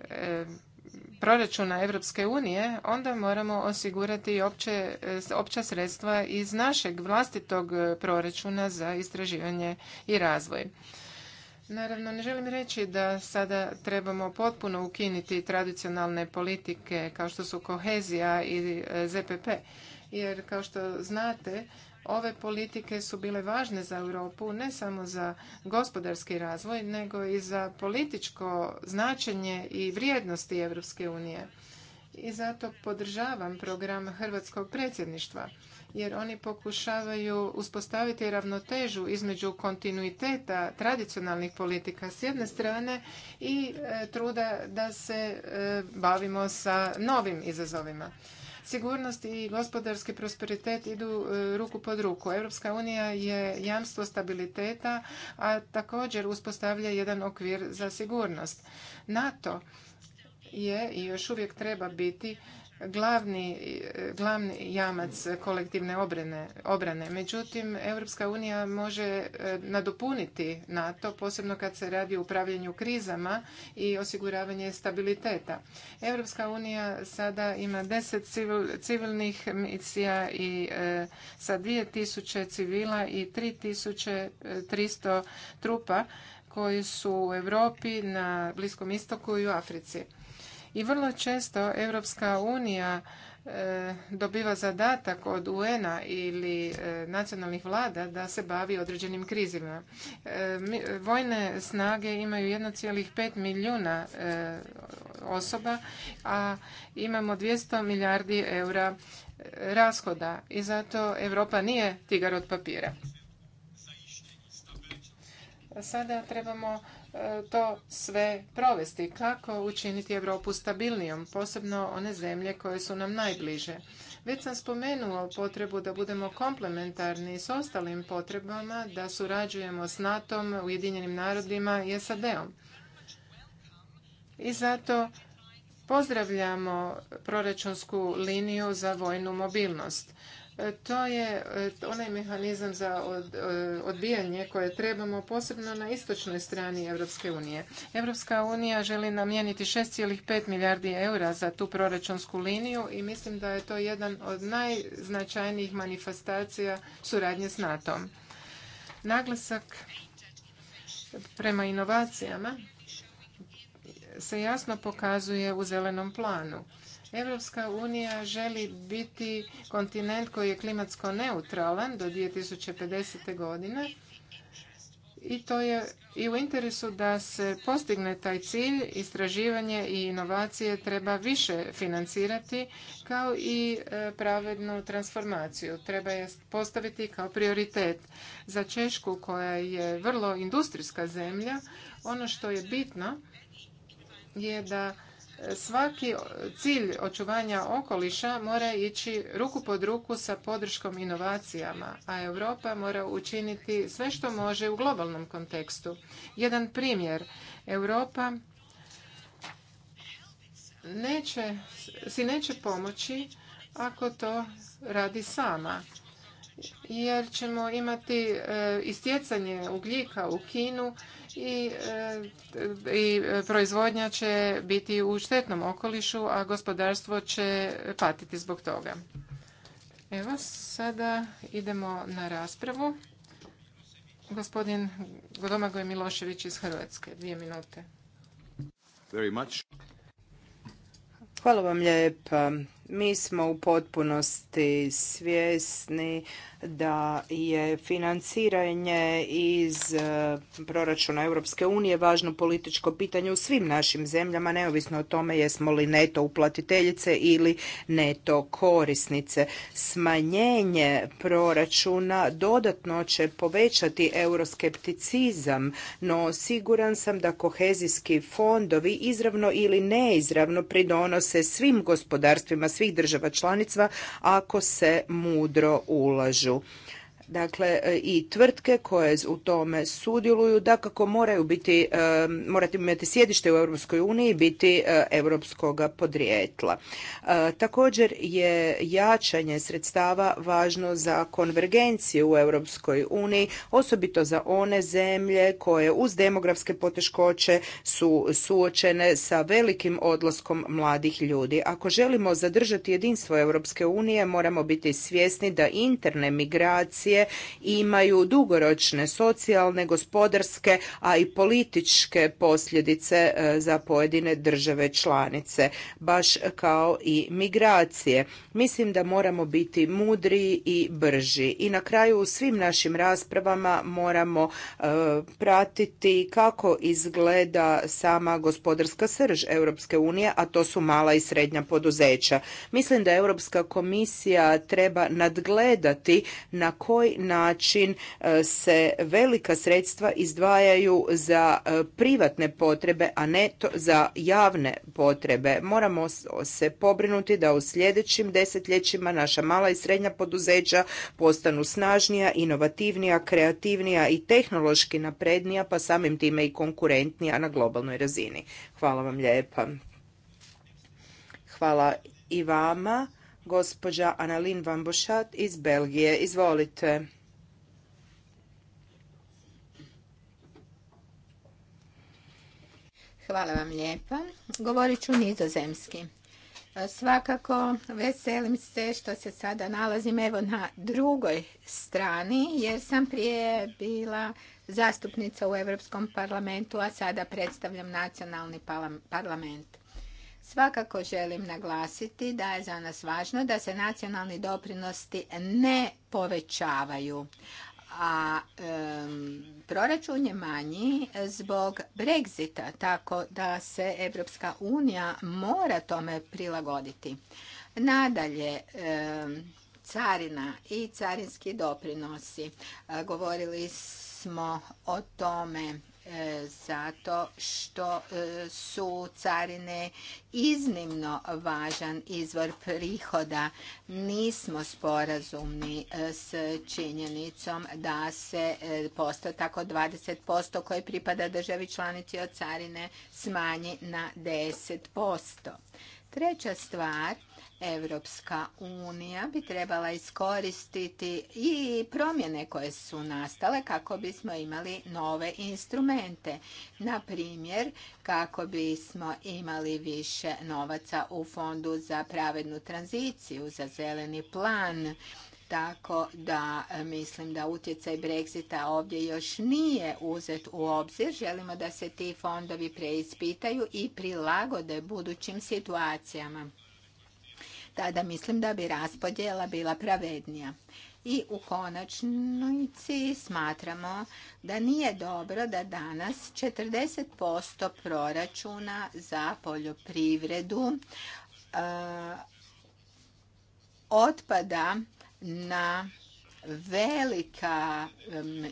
proračuna Europske unije, onda moramo osigurati opće, opća sredstva iz našeg vlastitog proračuna za istraživanje i razvoj. Naravno, ne želim reći da sada trebamo potpuno ukiniti tradicionalne politike kao što su kohezija i e, ZPP, jer kao što znate, Ove politike su bile važne za Europu ne samo za gospodarski razvoj, nego i za političko značenje i vrijednosti Europske unije. I zato podržavam program Hrvatskog predsjedništva, jer oni pokušavaju uspostaviti ravnotežu između kontinuiteta tradicionalnih politika s jedne strane i e, truda da se e, bavimo sa novim izazovima. Sigurnost i gospodarski prosperitet idu e, ruku pod ruku. Europska unija je jamstvo stabiliteta, a također uspostavlja jedan okvir za sigurnost. NATO je i još uvijek treba biti glavni, glavni jamac kolektivne obrane, obrane. Međutim, Europska unija može e, nadopuniti NATO, posebno kad se radi o upravljanju krizama i osiguravanje stabiliteta. Europska unija sada ima deset civilnih misija i e, sa 2000 civila i 3300 e, trupa koji su u Europi, na Bliskom istoku i u Africi. I vrlo često Europska unija e, dobiva zadatak od UN-a ili e, nacionalnih vlada da se bavi određenim krizima. E, vojne snage imaju 1,5 milijuna osoba, a imamo 200 milijardi eura rashoda i zato Europa nije tigar od papira. Sada trebamo to sve provesti, kako učiniti Europu stabilnijom, posebno one zemlje koje su nam najbliže. Već sam spomenuo potrebu da budemo komplementarni s ostalim potrebama, da surađujemo s NATO-om, Ujedinjenim narodima i SAD-om. I zato pozdravljamo proračunsku liniju za vojnu mobilnost to je e, onaj mehanizam za e, odbijanje koje trebamo posebno na istočnoj strani Europske unije. Europska unija želi namijeniti 6,5 milijardi eura za tu proračunsku liniju i mislim da je to jedan od najznačajnijih manifestacija suradnje s nato Naglasak prema inovacijama se jasno pokazuje u zelenom planu Europska unija želi biti kontinent koji je klimatsko neutralan do 2050. godine i to je i u interesu da se postigne taj cilj, istraživanje i inovacije treba više financirati kao i e, pravednu transformaciju. Treba je postaviti kao prioritet. Za Češku koja je vrlo industrijska zemlja, ono što je bitno je da svaki cilj očuvanja okoliša mora ići ruku pod ruku sa podrškom inovacijama, a Europa mora učiniti sve što može u globalnom kontekstu. Jedan primjer, Europa si neće pomoći ako to radi sama jer ćemo imati e, istjecanje ugljika u Kinu e, i, proizvodnja će biti u štetnom okolišu, a gospodarstvo će patiti zbog toga. Evo, sada idemo na raspravu. Gospodin Godomagoj Milošević iz Hrvatske, dvije minute. Hvala vam lijepa mi smo u potpunosti svjesni da je financiranje iz e, proračuna Europske unije važno političko pitanje u svim našim zemljama, neovisno o tome jesmo li neto uplatiteljice ili neto korisnice. Smanjenje proračuna dodatno će povećati euroskepticizam, no siguran sam da kohezijski fondovi izravno ili neizravno pridonose svim gospodarstvima, svim svih država članica ako se mudro ulažu. Dakle, e, i tvrtke koje u tome sudjeluju, da kako moraju biti, e, morati imati sjedište u Europskoj uniji, biti e, europskog podrijetla. Također je jačanje sredstava važno za konvergenciju u Europskoj uniji, osobito za one zemlje koje uz demografske poteškoće su suočene sa velikim odlaskom mladih ljudi. Ako želimo zadržati jedinstvo Europske unije, moramo biti svjesni da interne migracije imaju dugoročne socijalne, gospodarske, a i političke posljedice e, za pojedine države članice, baš kao i migracije. Mislim da moramo biti mudri i brži. I na kraju u svim našim raspravama moramo e, pratiti kako izgleda sama gospodarska srž Europske unije, a to su mala i srednja poduzeća. Mislim da Europska komisija treba nadgledati na koji način e, se velika sredstva izdvajaju za e, privatne potrebe, a ne za javne potrebe. Moramo se pobrinuti da u sljedećim desetljećima naša mala i srednja poduzeća postanu snažnija, inovativnija, kreativnija i tehnološki naprednija, pa samim time i konkurentnija na globalnoj razini. Hvala vam lijepa. Hvala i vama gospođa Analin Van Bošat iz Belgije. Izvolite. Hvala vam lijepa. Govorit ću nizozemski. Svakako veselim se što se sada nalazim evo na drugoj strani jer sam prije bila zastupnica u Europskom parlamentu, a sada predstavljam nacionalni parlament. Svakako želim naglasiti da je za nas važno da se nacionalni doprinosti ne povećavaju, a proračun je manji zbog Brexita, tako da se Evropska unija mora tome prilagoditi. Nadalje, carina i carinski doprinosi. Govorili smo o tome E, zato što e, su carine iznimno važan izvor prihoda. Nismo sporazumni e, s činjenicom da se postotak od 20% koji pripada državi članici od carine smanji na 10%. Treća stvar Evropska unija bi trebala iskoristiti i promjene koje su nastale kako bismo imali nove instrumente. Na primjer, kako bismo imali više novaca u fondu za pravednu tranziciju, za zeleni plan, tako da mislim da utjecaj Brexita ovdje još nije uzet u obzir. Želimo da se ti fondovi preispitaju i prilagode budućim situacijama tada mislim da bi raspodjela bila pravednija. I u konačnici smatramo da nije dobro da danas 40% proračuna za poljoprivredu e, otpada na velika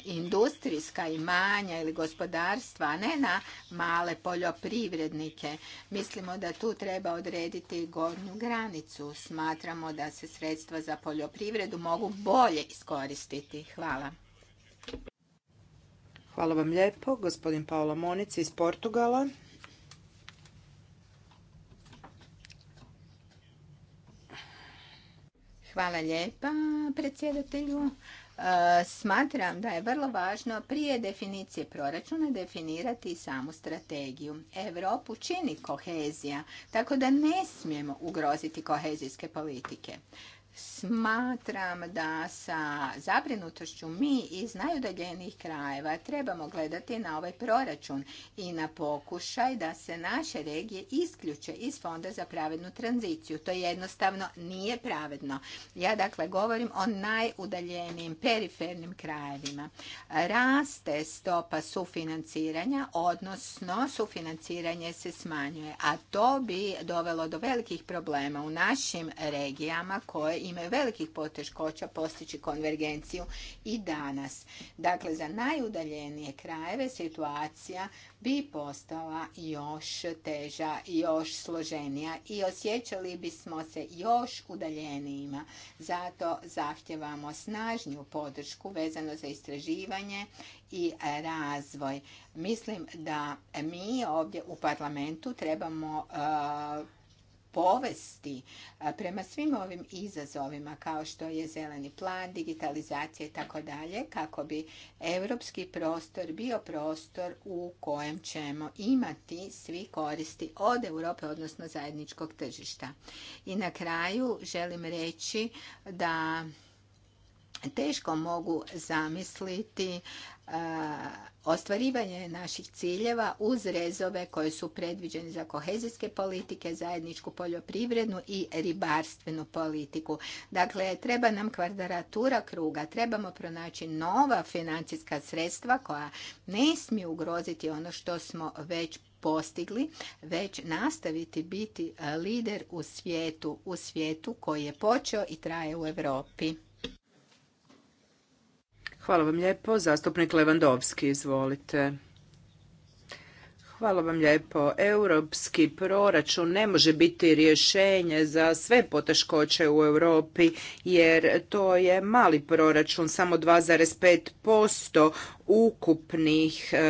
industrijska imanja ili gospodarstva, a ne na male poljoprivrednike. Mislimo da tu treba odrediti gornju granicu. Smatramo da se sredstva za poljoprivredu mogu bolje iskoristiti. Hvala. Hvala vam lijepo. Gospodin Paolo Monici iz Portugala. Hvala lijepa predsjedatelju. E, smatram da je vrlo važno prije definicije proračuna definirati samu strategiju. Europu čini kohezija, tako da ne smijemo ugroziti kohezijske politike. Smatram da sa zabrinutošću mi iz najudaljenijih krajeva trebamo gledati na ovaj proračun i na pokušaj da se naše regije isključe iz Fonda za pravednu tranziciju. To jednostavno nije pravedno. Ja dakle govorim o najudaljenijim perifernim krajevima. Raste stopa sufinanciranja, odnosno sufinanciranje se smanjuje, a to bi dovelo do velikih problema u našim regijama koje imaju velikih poteškoća postići konvergenciju i danas. Dakle, za najudaljenije krajeve situacija bi postala još teža, još složenija i osjećali bismo se još udaljenijima. Zato zahtjevamo snažnju podršku vezano za istraživanje i razvoj. Mislim da mi ovdje u parlamentu trebamo povesti prema svim ovim izazovima kao što je zeleni plan, digitalizacija i tako dalje kako bi europski prostor bio prostor u kojem ćemo imati svi koristi od Europe, odnosno zajedničkog tržišta. I na kraju želim reći da teško mogu zamisliti ostvarivanje naših ciljeva uz rezove koje su predviđeni za kohezijske politike, zajedničku poljoprivrednu i ribarstvenu politiku. Dakle, treba nam kvadratura kruga, trebamo pronaći nova financijska sredstva koja ne smiju ugroziti ono što smo već postigli, već nastaviti biti lider u svijetu, u svijetu koji je počeo i traje u Europi. Hvala vam lijepo. Zastupnik Levandovski, izvolite. Hvala vam lijepo. Europski proračun ne može biti rješenje za sve poteškoće u Europi jer to je mali proračun, samo 2,5% ukupnih, e,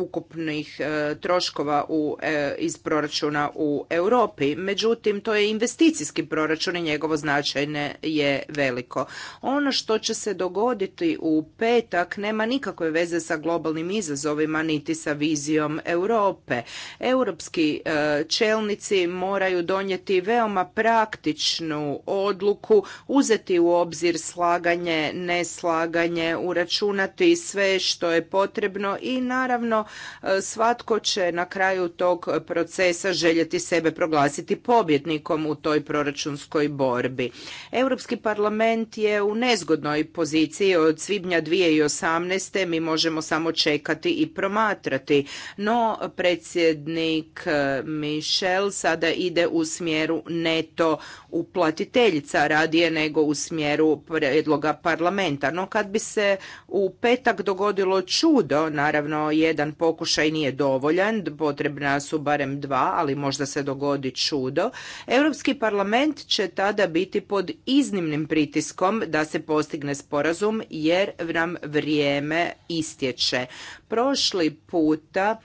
ukupnih e, troškova u, e, iz proračuna u Europi. Međutim, to je investicijski proračun i njegovo značajne je veliko. Ono što će se dogoditi u petak nema nikakve veze sa globalnim izazovima niti sa vizijom Europe. Europski čelnici moraju donijeti veoma praktičnu odluku, uzeti u obzir slaganje, neslaganje pitanje uračunati sve što je potrebno i naravno e, svatko će na kraju tog procesa željeti sebe proglasiti pobjednikom u toj proračunskoj borbi. Europski parlament je u nezgodnoj poziciji od svibnja 2018. mi možemo samo čekati i promatrati. No predsjednik e, Michel sada ide u smjeru neto uplatiteljica radije nego u smjeru predloga parlamenta. No kad bi se u petak dogodilo čudo, naravno jedan pokušaj nije dovoljan, potrebna su barem dva, ali možda se dogodi čudo. Europski parlament će tada biti pod iznimnim pritiskom da se postigne sporazum jer nam vrijeme istječe. Prošli puta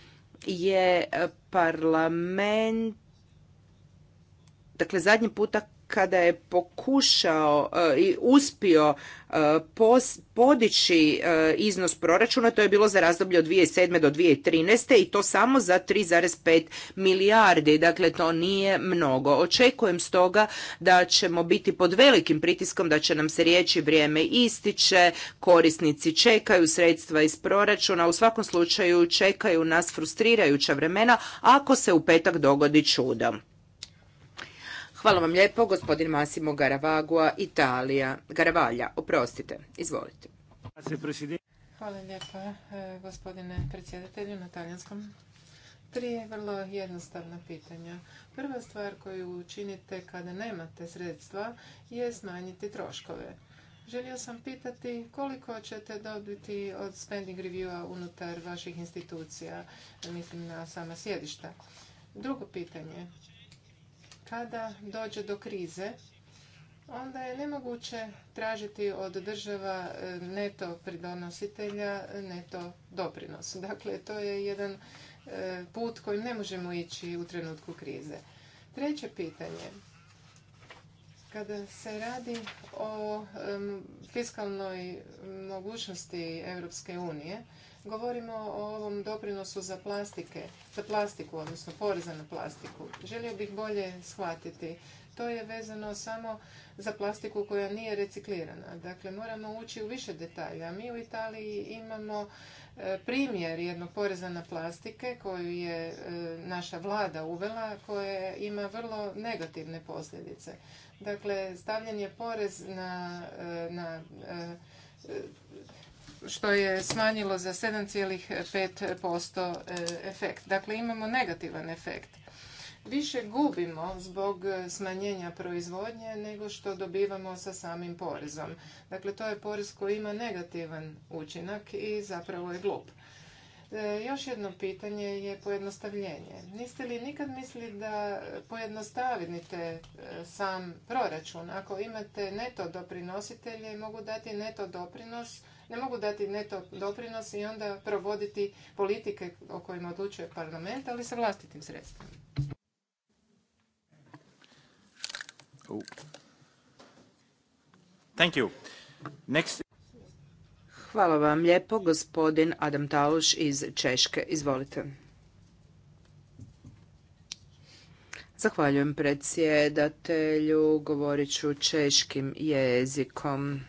je parlament Dakle, zadnji puta kada je pokušao e, i uspio e, podići e, iznos proračuna, to je bilo za razdoblje od 2007. do 2013. i to samo za 3,5 milijardi, dakle to nije mnogo. Očekujem stoga da ćemo biti pod velikim pritiskom, da će nam se riječi vrijeme ističe, korisnici čekaju sredstva iz proračuna, u svakom slučaju čekaju nas frustrirajuća vremena ako se u petak dogodi čudo. Hvala vam lijepo, gospodin Massimo Garavagua, Italija. Garavalja, oprostite, izvolite. Hvala lijepa, e, gospodine predsjedatelju na talijanskom. Tri vrlo jednostavna pitanja. Prva stvar koju učinite kada nemate sredstva je smanjiti troškove. Želio sam pitati koliko ćete dobiti od spending reviewa unutar vaših institucija, mislim na sama sjedišta. Drugo pitanje, kada dođe do krize, onda je nemoguće tražiti od država e, neto pridonositelja, neto doprinos. Dakle, to je jedan e, put kojim ne možemo ići u trenutku krize. Treće pitanje. Kada se radi o fiskalnoj mogućnosti Europske unije, Govorimo o ovom doprinosu za plastike, za plastiku, odnosno poreza na plastiku. Želio bih bolje shvatiti. To je vezano samo za plastiku koja nije reciklirana. Dakle, moramo ući u više detalja. Mi u Italiji imamo e, primjer jednog poreza na plastike koju je e, naša vlada uvela koje ima vrlo negativne posljedice. Dakle, stavljen je porez na e, što je smanjilo za 7,5% e, efekt. Dakle, imamo negativan efekt. Više gubimo zbog smanjenja proizvodnje nego što dobivamo sa samim porezom. Dakle, to je porez koji ima negativan učinak i zapravo je glup. E, još jedno pitanje je pojednostavljenje. Niste li nikad mislili da pojednostavite e, sam proračun? Ako imate neto doprinositelje, mogu dati neto doprinos ne mogu dati neto doprinos i onda provoditi politike o kojima odlučuje parlament, ali sa vlastitim sredstvima. Oh. Thank Hvala vam lijepo, gospodin Adam Tauš iz Češke. Izvolite. Zahvaljujem predsjedatelju, govorit ću češkim jezikom.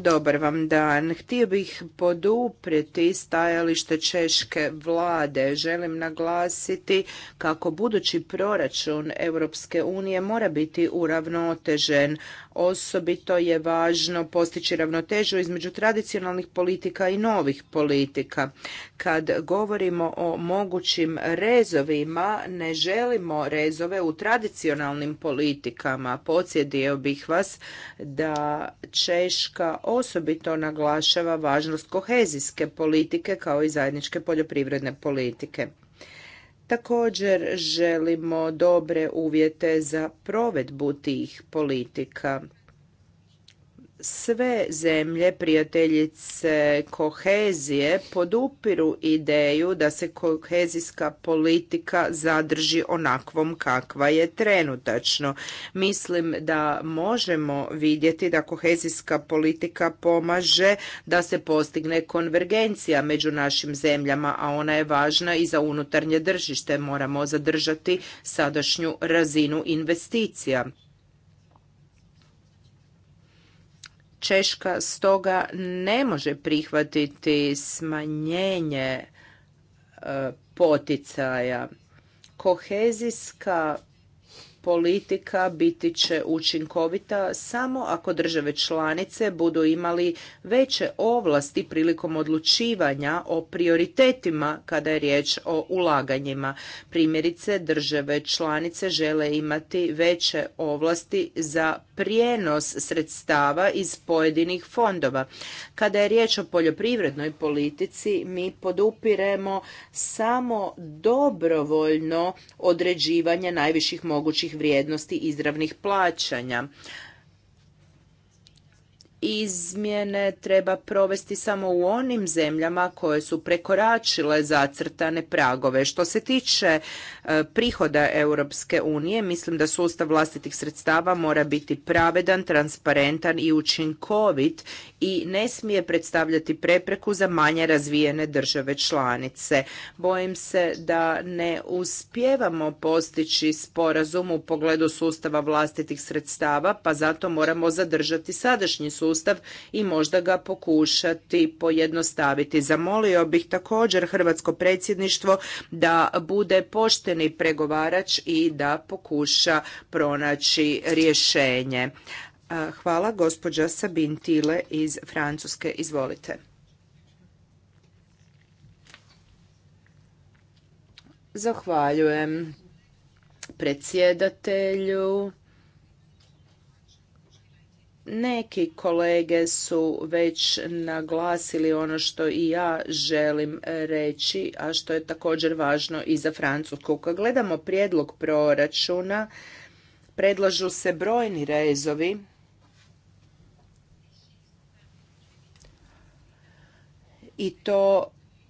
Dobar vam dan. Htio bih poduprijeti stajalište češke vlade. Želim naglasiti kako budući proračun Europske unije mora biti uravnotežen, Osobito je važno postići ravnotežu između tradicionalnih politika i novih politika. Kad govorimo o mogućim rezovima, ne želimo rezove u tradicionalnim politikama. Podsjedio bih vas da Češka osobito naglašava važnost kohezijske politike kao i zajedničke poljoprivredne politike. Također želimo dobre uvjete za provedbu tih politika sve zemlje prijateljice kohezije podupiru ideju da se kohezijska politika zadrži onakvom kakva je trenutačno. Mislim da možemo vidjeti da kohezijska politika pomaže da se postigne konvergencija među našim zemljama, a ona je važna i za unutarnje držište. Moramo zadržati sadašnju razinu investicija. Češka stoga ne može prihvatiti smanjenje e, poticaja. Kohezijska politika biti će učinkovita samo ako države članice budu imali veće ovlasti prilikom odlučivanja o prioritetima kada je riječ o ulaganjima. Primjerice, države članice žele imati veće ovlasti za prijenos sredstava iz pojedinih fondova. Kada je riječ o poljoprivrednoj politici, mi podupiremo samo dobrovoljno određivanje najviših mogućih vrijednosti izravnih plaćanja izmjene treba provesti samo u onim zemljama koje su prekoračile zacrtane pragove. Što se tiče e, prihoda Europske unije, mislim da sustav vlastitih sredstava mora biti pravedan, transparentan i učinkovit i ne smije predstavljati prepreku za manje razvijene države članice. Bojim se da ne uspijevamo postići sporazum u pogledu sustava vlastitih sredstava, pa zato moramo zadržati sadašnji sustav sustav i možda ga pokušati pojednostaviti. Zamolio bih također Hrvatsko predsjedništvo da bude pošteni pregovarač i da pokuša pronaći rješenje. Hvala, gospođa Sabin Tile iz Francuske. Izvolite. Zahvaljujem predsjedatelju neki kolege su već naglasili ono što i ja želim reći, a što je također važno i za Francusku. Kada gledamo prijedlog proračuna, predlažu se brojni rezovi, i to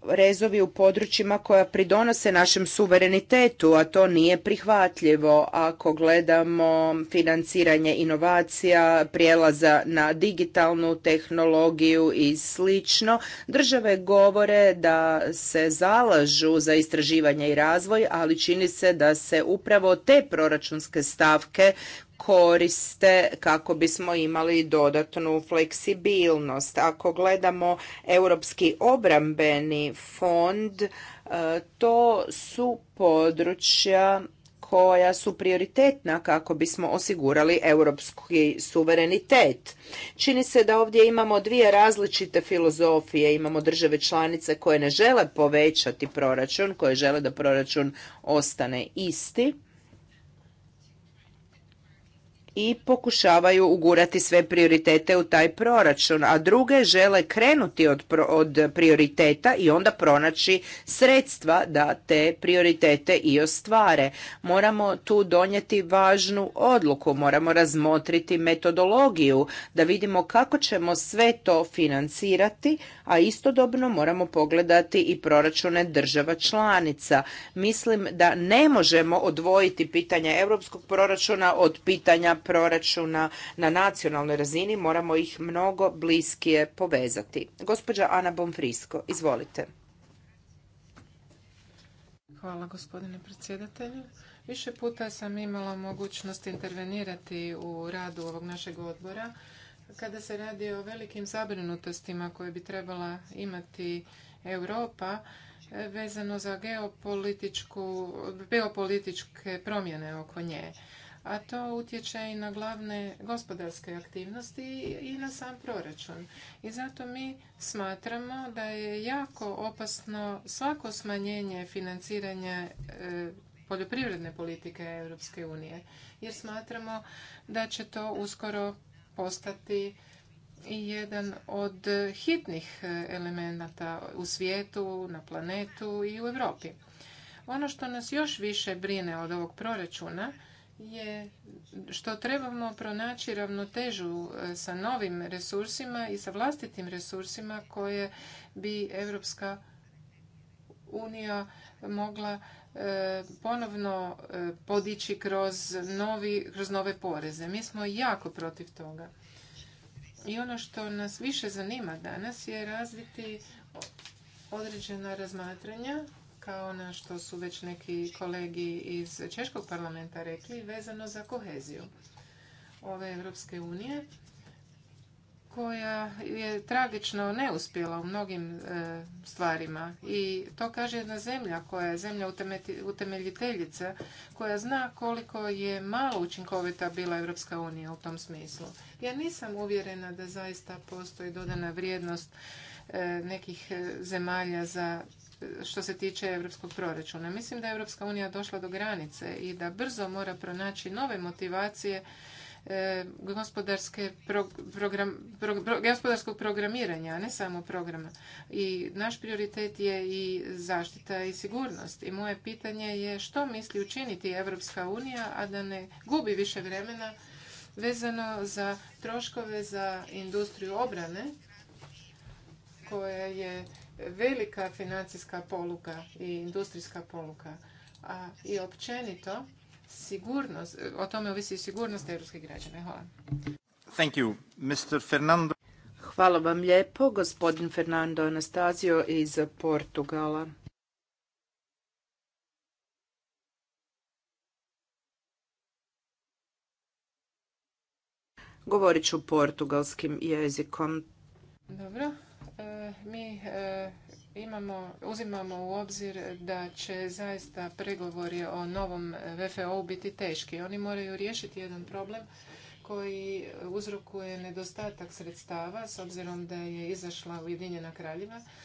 rezovi u područjima koja pridonose našem suverenitetu, a to nije prihvatljivo ako gledamo financiranje inovacija, prijelaza na digitalnu tehnologiju i slično. Države govore da se zalažu za istraživanje i razvoj, ali čini se da se upravo te proračunske stavke koriste kako bismo imali dodatnu fleksibilnost. Ako gledamo Europski obrambeni fond, e, to su područja koja su prioritetna kako bismo osigurali europski suverenitet. Čini se da ovdje imamo dvije različite filozofije. Imamo države članice koje ne žele povećati proračun, koje žele da proračun ostane isti i pokušavaju ugurati sve prioritete u taj proračun, a druge žele krenuti od, od prioriteta i onda pronaći sredstva da te prioritete i ostvare. Moramo tu donijeti važnu odluku, moramo razmotriti metodologiju da vidimo kako ćemo sve to financirati, a istodobno moramo pogledati i proračune država članica. Mislim da ne možemo odvojiti pitanje europskog proračuna od pitanja proračuna na nacionalnoj razini, moramo ih mnogo bliskije povezati. Gospođa Ana Bonfrisko, izvolite. Hvala gospodine predsjedatelju. Više puta sam imala mogućnost intervenirati u radu ovog našeg odbora kada se radi o velikim zabrinutostima koje bi trebala imati Europa vezano za geopolitičke promjene oko nje a to utječe i na glavne gospodarske aktivnosti i na sam proračun. I zato mi smatramo da je jako opasno svako smanjenje financiranja e, poljoprivredne politike Europske unije jer smatramo da će to uskoro postati i jedan od hitnih e, elemenata u svijetu, na planetu i u Europi. Ono što nas još više brine od ovog proračuna je što trebamo pronaći ravnotežu e, sa novim resursima i sa vlastitim resursima koje bi Europska unija mogla e, ponovno e, podići kroz nove poreze. Mi smo jako protiv toga. I ono što nas više zanima danas je razviti određena razmatranja kao na što su već neki kolegi iz Češkog parlamenta rekli vezano za koheziju ove Europske unije koja je tragično neuspjela u mnogim e, stvarima i to kaže jedna zemlja koja je zemlja utemeljiteljica koja zna koliko je malo učinkovita bila Europska unija u tom smislu. Ja nisam uvjerena da zaista postoji dodana vrijednost e, nekih e, zemalja za što se tiče europskog proračuna. Mislim da je Europska unija došla do granice i da brzo mora pronaći nove motivacije e, gospodarske program, gospodarskog programiranja, a ne samo programa. I naš prioritet je i zaštita i sigurnost. I moje pitanje je što misli učiniti Evropska unija, a da ne gubi više vremena vezano za troškove za industriju obrane koja je velika financijska poluka i industrijska poluka a i općenito sigurnost, o tome ovisi i sigurnost europskih građana. Hvala. Thank you. Mr. Fernando. Hvala vam lijepo, gospodin Fernando Anastasio iz Portugala. Govorit ću portugalskim jezikom. Dobro mi e, imamo, uzimamo u obzir da će zaista pregovori o novom VFO biti teški. Oni moraju riješiti jedan problem koji uzrokuje nedostatak sredstava s obzirom da je izašla Ujedinjena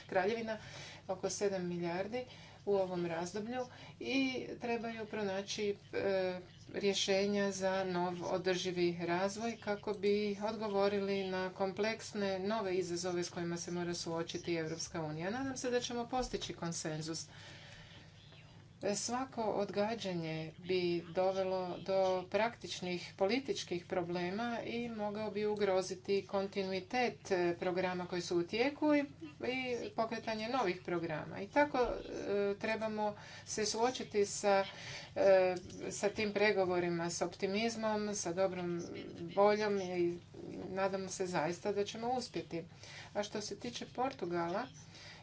kraljevina oko 7 milijardi u ovom razdoblju i trebaju pronaći e, rješenja za nov održivi razvoj kako bi odgovorili na kompleksne nove izazove s kojima se mora suočiti Europska unija. Nadam se da ćemo postići konsenzus Svako odgađanje bi dovelo do praktičnih političkih problema i mogao bi ugroziti kontinuitet e, programa koji su u tijeku i pokretanje novih programa. I tako e, trebamo se suočiti sa, e, sa tim pregovorima, s optimizmom, sa dobrom voljom i nadamo se zaista da ćemo uspjeti. A što se tiče Portugala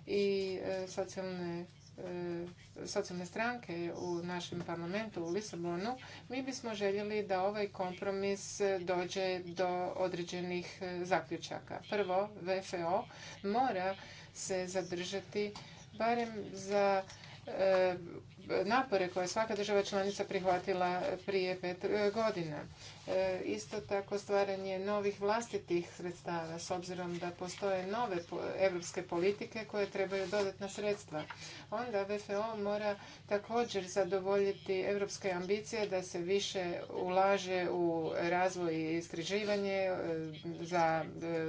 i socijalne E, socijalne stranke u našem parlamentu u Lisabonu, mi bismo željeli da ovaj kompromis dođe do određenih e, zaključaka. Prvo, VFO mora se zadržati barem za e, napore koje svaka država članica prihvatila prije pet e, godina. E, isto tako stvaranje novih vlastitih sredstava s obzirom da postoje nove europske politike koje trebaju dodatna sredstva. Onda VFO mora također zadovoljiti europske ambicije da se više ulaže u razvoj i istraživanje e, za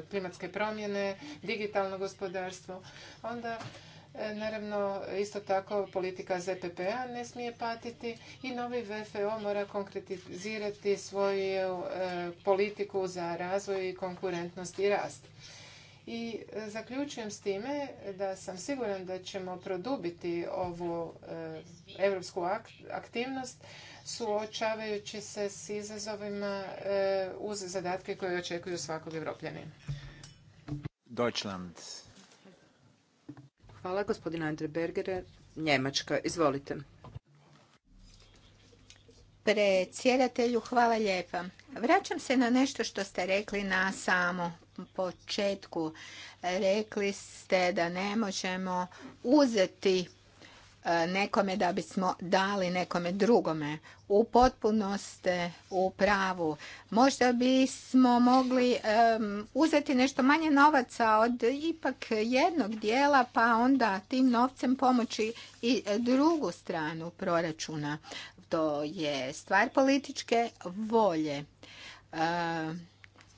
klimatske promjene, digitalno gospodarstvo. Onda E, naravno, isto tako politika ZPP-a ne smije patiti i novi VFO mora konkretizirati svoju e, politiku za razvoj i konkurentnost i rast. I e, zaključujem s time da sam siguran da ćemo produbiti ovu europsku aktivnost suočavajući se s izazovima uz zadatke koje očekuju svakog Evropljanin. Hvala, gospodin Andre Berger, Njemačka. Izvolite. Predsjedatelju, hvala lijepa. Vraćam se na nešto što ste rekli na samo početku. Rekli ste da ne možemo uzeti nekome da bismo dali nekome drugome. U potpunost, u pravu. Možda bismo mogli uzeti nešto manje novaca od ipak jednog dijela pa onda tim novcem pomoći i drugu stranu proračuna. To je stvar političke volje.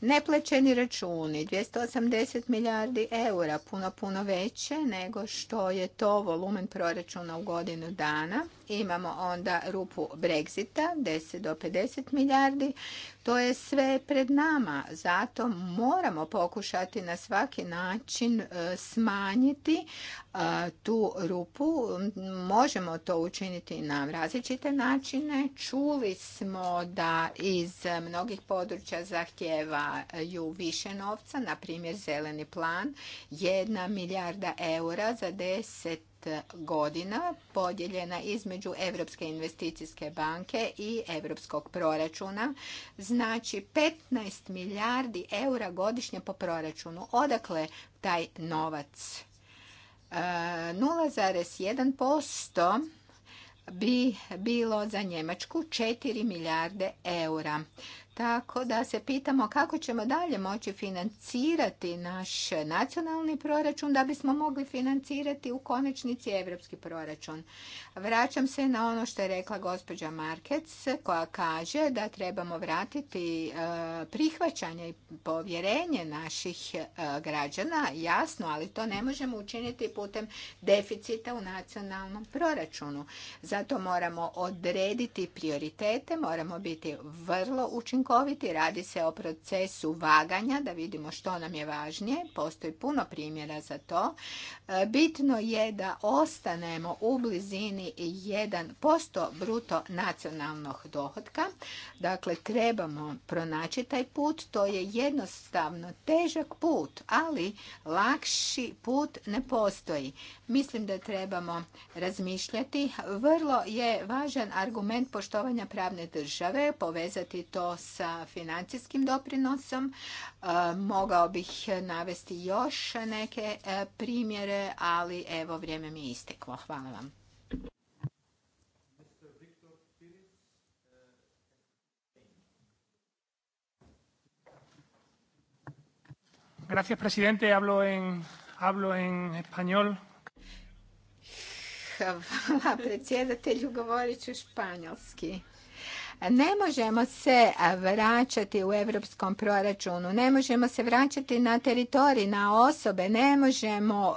Neplaćeni računi 280 milijardi eura, puno, puno veće nego što je to volumen proračuna u godinu dana. Imamo onda rupu Brexita 10 do 50 milijardi. To je sve pred nama, zato moramo pokušati na svaki način e, smanjiti e, tu rupu. Možemo to učiniti na različite načine. Čuli smo da iz mnogih područja zahtjeva daju više novca, na primjer zeleni plan, jedna milijarda eura za deset godina podijeljena između Europske investicijske banke i europskog proračuna, znači 15 milijardi eura godišnje po proračunu. Odakle taj novac? 0,1% e, bi bilo za Njemačku 4 milijarde eura. Tako da se pitamo kako ćemo dalje moći financirati naš nacionalni proračun da bismo mogli financirati u konačnici evropski proračun. Vraćam se na ono što je rekla gospođa Markec koja kaže da trebamo vratiti e, prihvaćanje i povjerenje naših e, građana, jasno, ali to ne možemo učiniti putem deficita u nacionalnom proračunu. Zato moramo odrediti prioritete, moramo biti vrlo učinkoviti učinkoviti. Radi se o procesu vaganja, da vidimo što nam je važnije. Postoji puno primjera za to. E, bitno je da ostanemo u blizini 1% bruto nacionalnog dohodka. Dakle, trebamo pronaći taj put. To je jednostavno težak put, ali lakši put ne postoji. Mislim da trebamo razmišljati. Vrlo je važan argument poštovanja pravne države, povezati to sa financijskim doprinosom. E, mogao bih navesti još neke e, primjere, ali evo vrijeme mi je isteklo. Hvala vam. Gracias, presidente. Hablo en, hablo en español. Hvala predsjedatelju, govorit ću španjolski. Ne možemo se vraćati u europskom proračunu, ne možemo se vraćati na teritorij, na osobe, ne možemo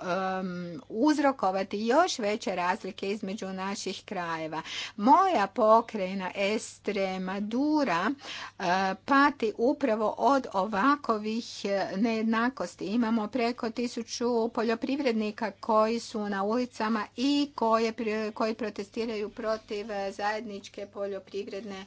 uzrokovati još veće razlike između naših krajeva. Moja pokrajina Estrema Dura e, pati upravo od ovakovih e, nejednakosti. Imamo preko tisuću poljoprivrednika koji su na ulicama i koji protestiraju protiv e, zajedničke poljoprivredne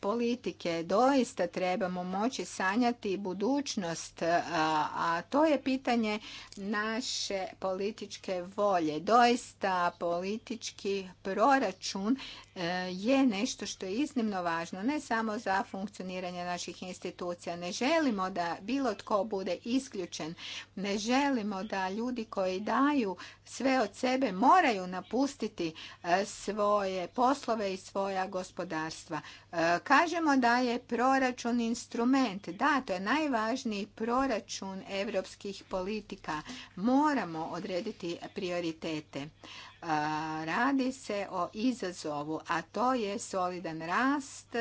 politike. Doista trebamo moći sanjati budućnost, a to je pitanje naše političke volje. Doista politički proračun e, je nešto što je iznimno važno, ne samo za funkcioniranje naših institucija. Ne želimo da bilo tko bude isključen. Ne želimo da ljudi koji daju sve od sebe moraju napustiti e, svoje poslove i svoja gospodarstva e, Kažemo da je proračun instrument. Da, to je najvažniji proračun europskih politika. Moramo odrediti prioritete. Radi se o izazovu, a to je solidan rast,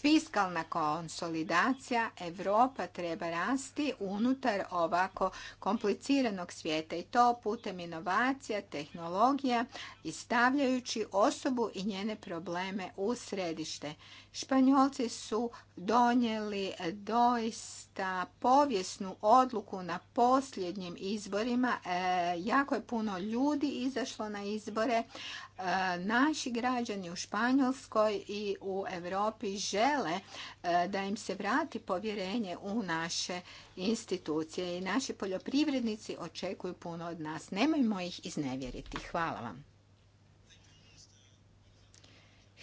fiskalna konsolidacija Evropa treba rasti unutar ovako kompliciranog svijeta i to putem inovacija, tehnologija i stavljajući osobu i njene probleme u središte. Španjolci su donijeli doista povijesnu odluku na posljednjim izborima. E, jako je puno ljudi izašlo na izbore. E, naši građani u Španjolskoj i u Europi žele e, da im se vrati povjerenje u naše institucije i naši poljoprivrednici očekuju puno od nas. Nemojmo ih iznevjeriti. Hvala vam.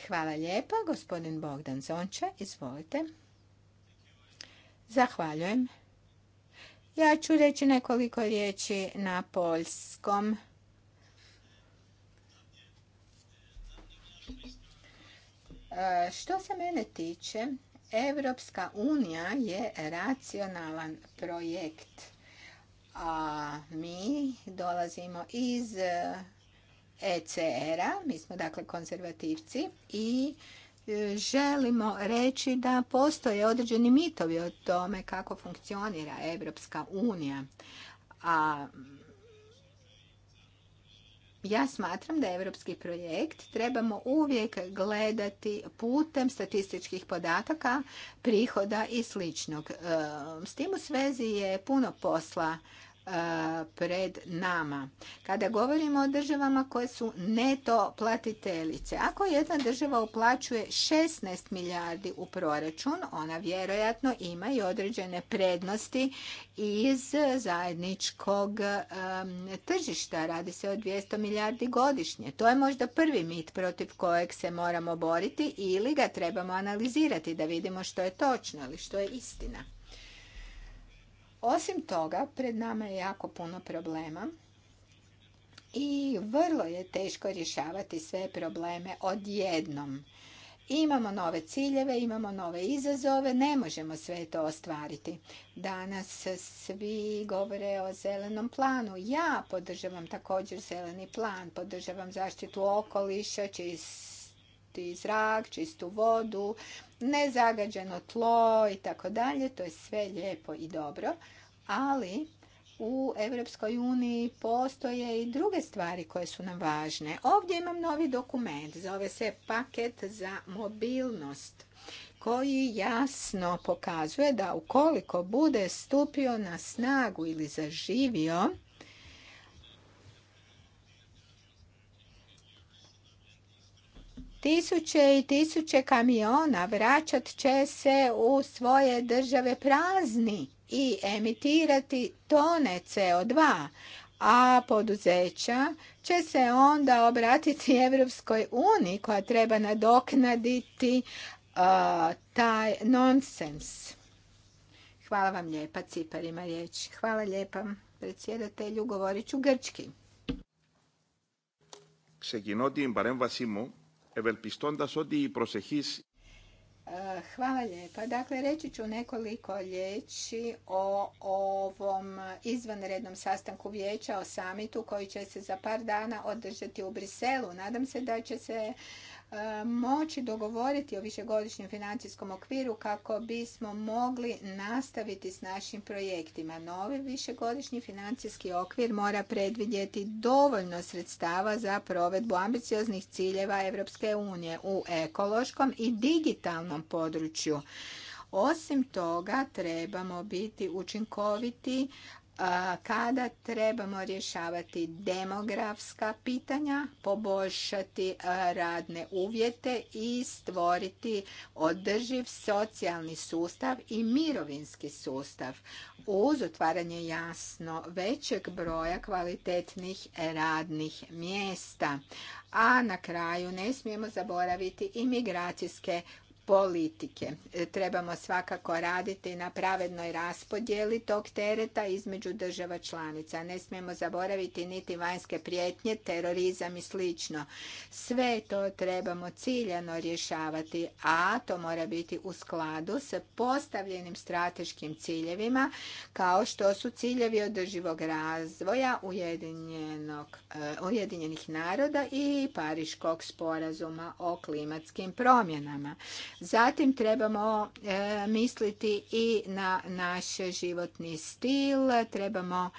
Hvala lijepa. Gospodin Bogdan Zonča, izvolite. Zahvaljujem. Ja ću reći nekoliko riječi na poljskom. E, što se mene tiče, Evropska unija je racionalan projekt, a mi dolazimo iz ECR-a, mi smo dakle konzervativci i e, želimo reći da postoje određeni mitovi o tome kako funkcionira Evropska unija. A ja smatram da evropski projekt trebamo uvijek gledati putem statističkih podataka, prihoda i sličnog. E, s tim u svezi je puno posla E, pred nama. Kada govorimo o državama koje su neto platiteljice, ako jedna država uplaćuje 16 milijardi u proračun, ona vjerojatno ima i određene prednosti iz zajedničkog e, tržišta. Radi se o 200 milijardi godišnje. To je možda prvi mit protiv kojeg se moramo boriti ili ga trebamo analizirati da vidimo što je točno ili što je istina. Osim toga, pred nama je jako puno problema i vrlo je teško rješavati sve probleme odjednom. Imamo nove ciljeve, imamo nove izazove, ne možemo sve to ostvariti. Danas svi govore o zelenom planu. Ja podržavam također zeleni plan, podržavam zaštitu okoliša, čist čisti zrak, čistu vodu, nezagađeno tlo i tako dalje. To je sve lijepo i dobro, ali u Europskoj uniji postoje i druge stvari koje su nam važne. Ovdje imam novi dokument, zove se paket za mobilnost koji jasno pokazuje da ukoliko bude stupio na snagu ili zaživio, Tisuće i tisuće kamiona vraćat će se u svoje države prazni i emitirati tone CO2, a poduzeća će se onda obratiti Evropskoj uniji koja treba nadoknaditi taj nonsens. Hvala vam lijepa, Cipar ima riječ. Hvala lijepa, predsjedatelju, govorit ću grčki. Ξεκινώ την παρέμβασή μου ευελπιστώντας ότι η προσεχής Hvala lijepa. Dakle, reći ću nekoliko riječi o ovom izvanrednom sastanku vijeća o samitu koji će se za par dana održati u Briselu. Nadam se da će se moći dogovoriti o višegodišnjem financijskom okviru kako bismo mogli nastaviti s našim projektima. Novi višegodišnji financijski okvir mora predvidjeti dovoljno sredstava za provedbu ambicioznih ciljeva Europske unije u ekološkom i digitalnom području. Osim toga, trebamo biti učinkoviti kada trebamo rješavati demografska pitanja, poboljšati radne uvjete i stvoriti održiv socijalni sustav i mirovinski sustav uz otvaranje jasno većeg broja kvalitetnih radnih mjesta. A na kraju ne smijemo zaboraviti imigracijske politike. E, trebamo svakako raditi na pravednoj raspodjeli tog tereta između država članica. Ne smijemo zaboraviti niti vanjske prijetnje, terorizam i slično. Sve to trebamo ciljano rješavati, a to mora biti u skladu s postavljenim strateškim ciljevima, kao što su ciljevi održivog razvoja e, Ujedinjenih naroda i Pariškog sporazuma o klimatskim promjenama. Zatim trebamo e, misliti i na naš životni stil, trebamo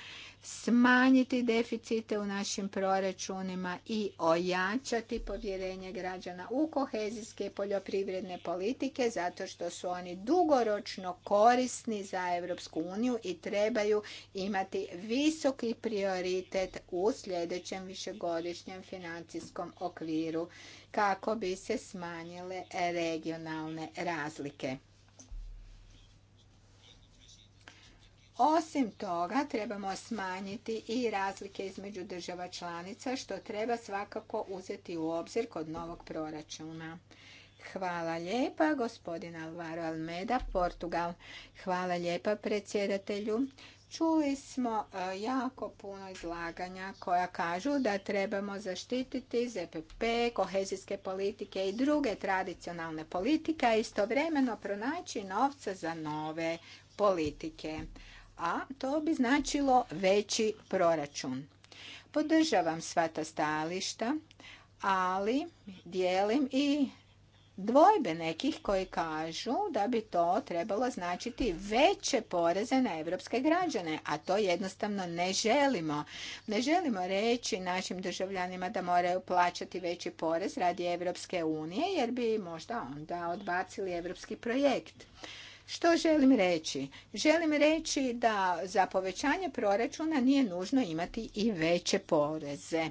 smanjiti deficite u našim proračunima i ojačati povjerenje građana u kohezijske poljoprivredne politike zato što su oni dugoročno korisni za Europsku uniju i trebaju imati visoki prioritet u sljedećem višegodišnjem financijskom okviru kako bi se smanjile regionalne razlike. Osim toga, trebamo smanjiti i razlike između država članica, što treba svakako uzeti u obzir kod novog proračuna. Hvala lijepa, gospodin Alvaro Almeda, Portugal. Hvala lijepa predsjedatelju. Čuli smo e, jako puno izlaganja koja kažu da trebamo zaštititi ZPP, kohezijske politike i druge tradicionalne politike, a istovremeno pronaći novca za nove politike. A to bi značilo veći proračun. Podržavam sva ta stajališta, ali dijelim i dvojbe nekih koji kažu da bi to trebalo značiti veće poreze na evropske građane, a to jednostavno ne želimo. Ne želimo reći našim državljanima da moraju plaćati veći porez radi Evropske unije, jer bi možda onda odbacili evropski projekt. Što želim reći? Želim reći da za povećanje proračuna nije nužno imati i veće poreze.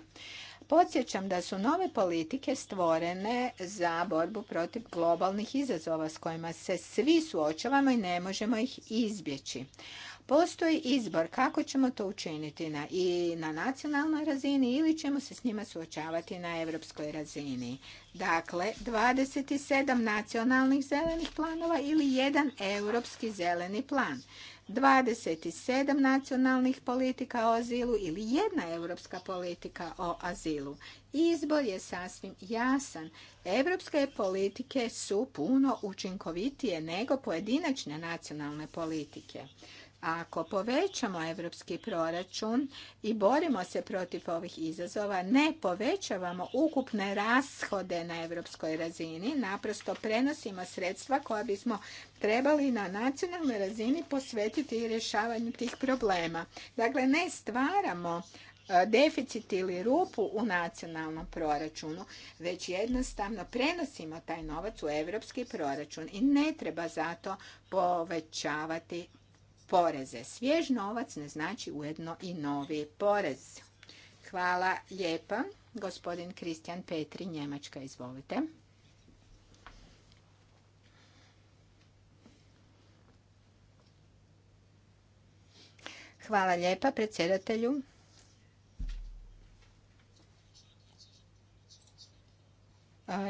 Podsjećam da su nove politike stvorene za borbu protiv globalnih izazova s kojima se svi suočavamo i ne možemo ih izbjeći. Postoji izbor kako ćemo to učiniti na, i na nacionalnoj razini ili ćemo se s njima suočavati na europskoj razini. Dakle, 27 nacionalnih zelenih planova ili jedan europski zeleni plan. 27 nacionalnih politika o azilu ili jedna europska politika o azilu. Izbor je sasvim jasan. Europske politike su puno učinkovitije nego pojedinačne nacionalne politike. Ako povećamo evropski proračun i borimo se protiv ovih izazova, ne povećavamo ukupne rashode na evropskoj razini, naprosto prenosimo sredstva koja bismo trebali na nacionalnoj razini posvetiti i rješavanju tih problema. Dakle, ne stvaramo e, deficit ili rupu u nacionalnom proračunu, već jednostavno prenosimo taj novac u evropski proračun i ne treba zato povećavati poreze. Svjež novac ne znači ujedno i novi porez. Hvala lijepa. Gospodin Kristjan Petri, Njemačka, izvolite. Hvala lijepa predsjedatelju.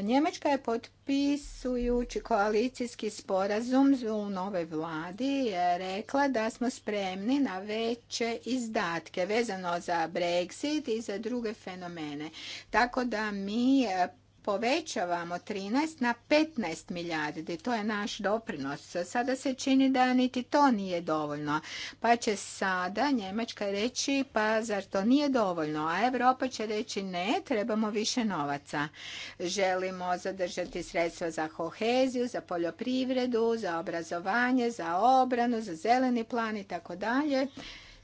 Njemačka je potpisujući koalicijski sporazum u nove vladi rekla da smo spremni na veće izdatke vezano za Brexit i za druge fenomene. Tako da mi e, povećavamo 13 na 15 milijardi. To je naš doprinos. Sada se čini da niti to nije dovoljno. Pa će sada Njemačka reći pa zar to nije dovoljno? A Europa će reći ne, trebamo više novaca. Želimo zadržati sredstva za koheziju, za poljoprivredu, za obrazovanje, za obranu, za zeleni plan i tako dalje.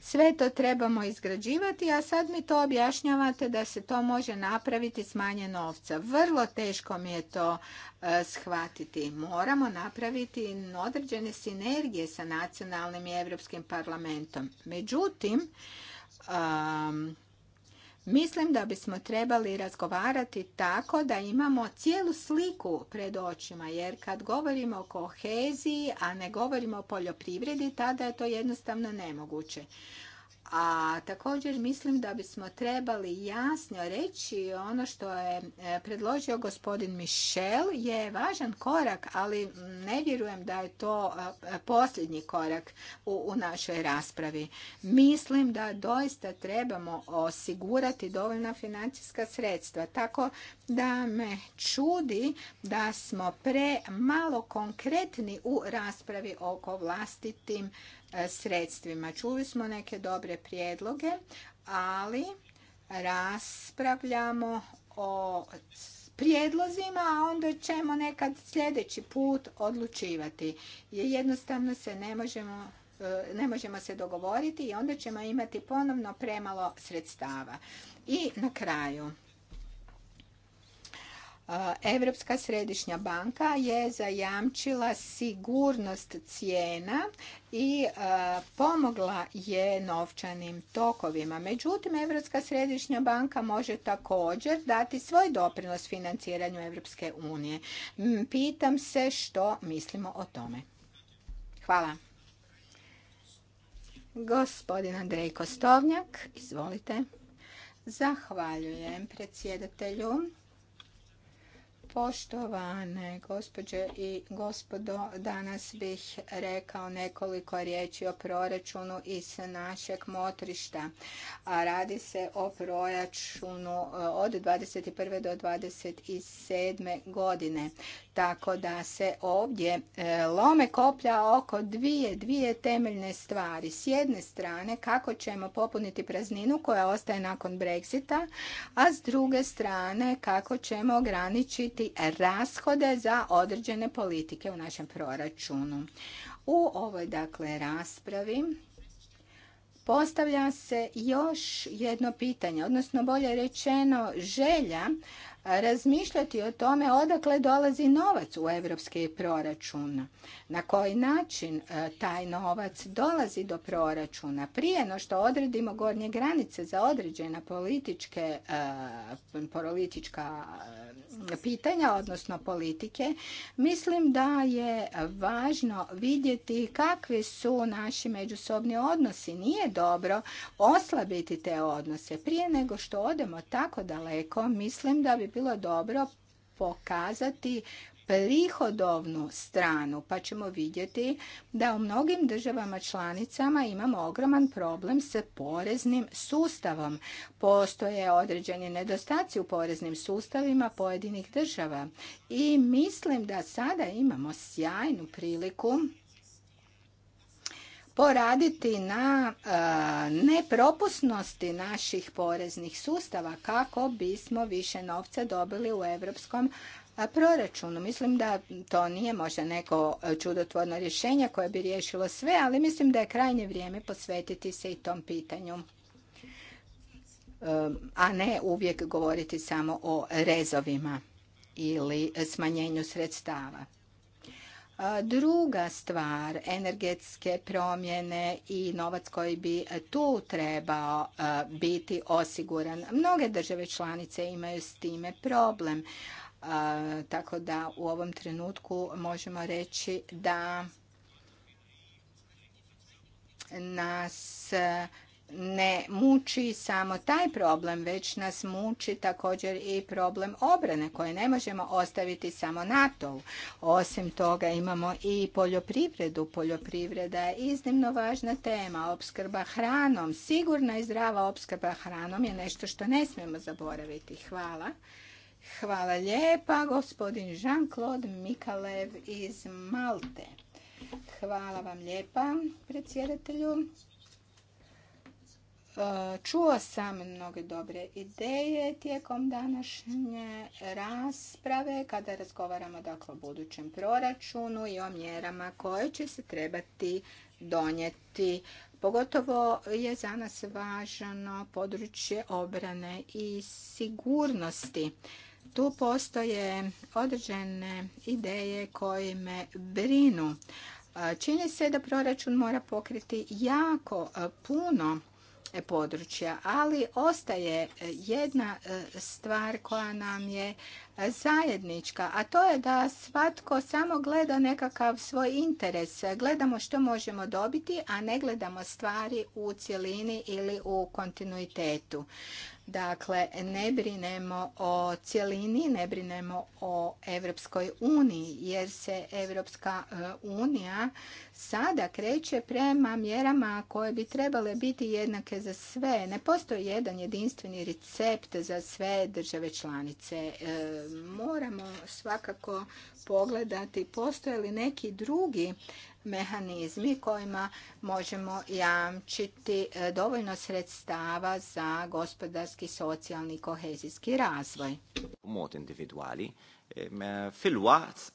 Sve to trebamo izgrađivati, a sad mi to objašnjavate da se to može napraviti s manje novca. Vrlo teško mi je to e, shvatiti. Moramo napraviti određene sinergije sa nacionalnim i europskim parlamentom. Međutim, Mislim da bismo trebali razgovarati tako da imamo cijelu sliku pred očima, jer kad govorimo o koheziji, a ne govorimo o poljoprivredi, tada je to jednostavno nemoguće. A također mislim da bismo trebali jasno reći ono što je e, predložio gospodin Mišel. je važan korak, ali ne vjerujem da je to e, posljednji korak u, u našoj raspravi. Mislim da doista trebamo osigurati dovoljna financijska sredstva, tako da me čudi da smo pre malo konkretni u raspravi oko vlastitim E, sredstvima. Čuli smo neke dobre prijedloge, ali raspravljamo o prijedlozima, a onda ćemo nekad sljedeći put odlučivati. jednostavno se ne možemo e, ne možemo se dogovoriti i onda ćemo imati ponovno premalo sredstava. I na kraju, Europska središnja banka je zajamčila sigurnost cijena i pomogla je novčanim tokovima. Međutim, Europska središnja banka može također dati svoj doprinos financiranju Europske unije. Pitam se što mislimo o tome. Hvala. Gospodin Andrej Kostovnjak, izvolite. Zahvaljujem predsjedatelju. Poštovane gospođe i gospodo, danas bih rekao nekoliko riječi o proračunu iz našeg motrišta. A radi se o proračunu e, od 21. do 27. godine. Tako da se ovdje e, lome koplja oko dvije, dvije temeljne stvari. S jedne strane kako ćemo popuniti prazninu koja ostaje nakon Brexita, a s druge strane kako ćemo ograničiti rashode za određene politike u našem proračunu. U ovoj dakle raspravi postavlja se još jedno pitanje, odnosno bolje rečeno želja razmišljati o tome odakle dolazi novac u europski proračun, na koji način e, taj novac dolazi do proračuna. Prije no što odredimo gornje granice za određena političke, e, politička e, pitanja, odnosno politike, mislim da je važno vidjeti kakvi su naši međusobni odnosi. Nije dobro oslabiti te odnose. Prije nego što odemo tako daleko, mislim da bi bilo dobro pokazati prihodovnu stranu, pa ćemo vidjeti da u mnogim državama članicama imamo ogroman problem s poreznim sustavom. Postoje određeni nedostaci u poreznim sustavima pojedinih država i mislim da sada imamo sjajnu priliku poraditi na e, nepropusnosti naših poreznih sustava kako bismo više novca dobili u europskom e, proračunu. Mislim da to nije možda neko čudotvorno rješenje koje bi riješilo sve, ali mislim da je krajnje vrijeme posvetiti se i tom pitanju e, a ne uvijek govoriti samo o rezovima ili smanjenju sredstava. Druga stvar, energetske promjene i novac koji bi tu trebao biti osiguran. Mnoge države članice imaju s time problem, tako da u ovom trenutku možemo reći da nas ne muči samo taj problem, već nas muči također i problem obrane koje ne možemo ostaviti samo nato Osim toga imamo i poljoprivredu. Poljoprivreda je iznimno važna tema. Opskrba hranom, sigurna i zdrava opskrba hranom je nešto što ne smijemo zaboraviti. Hvala. Hvala lijepa, gospodin Jean-Claude Mikalev iz Malte. Hvala vam lijepa, predsjedatelju. E, čuo sam mnoge dobre ideje tijekom današnje rasprave kada razgovaramo dakle, o budućem proračunu i o mjerama koje će se trebati donijeti. Pogotovo je za nas važno područje obrane i sigurnosti. Tu postoje određene ideje koje me brinu. E, čini se da proračun mora pokriti jako e, puno područja. Ali ostaje jedna e, stvar koja nam je zajednička, a to je da svatko samo gleda nekakav svoj interes. Gledamo što možemo dobiti, a ne gledamo stvari u cjelini ili u kontinuitetu. Dakle, ne brinemo o cjelini, ne brinemo o Evropskoj uniji, jer se europska e, unija sada kreće prema mjerama koje bi trebale biti jednake za sve. Ne postoji jedan jedinstveni recept za sve države članice. E, moramo svakako pogledati postoje li neki drugi mehanizmi kojima možemo jamčiti e, dovoljno sredstava za gospodarski, socijalni i kohezijski razvoj. E,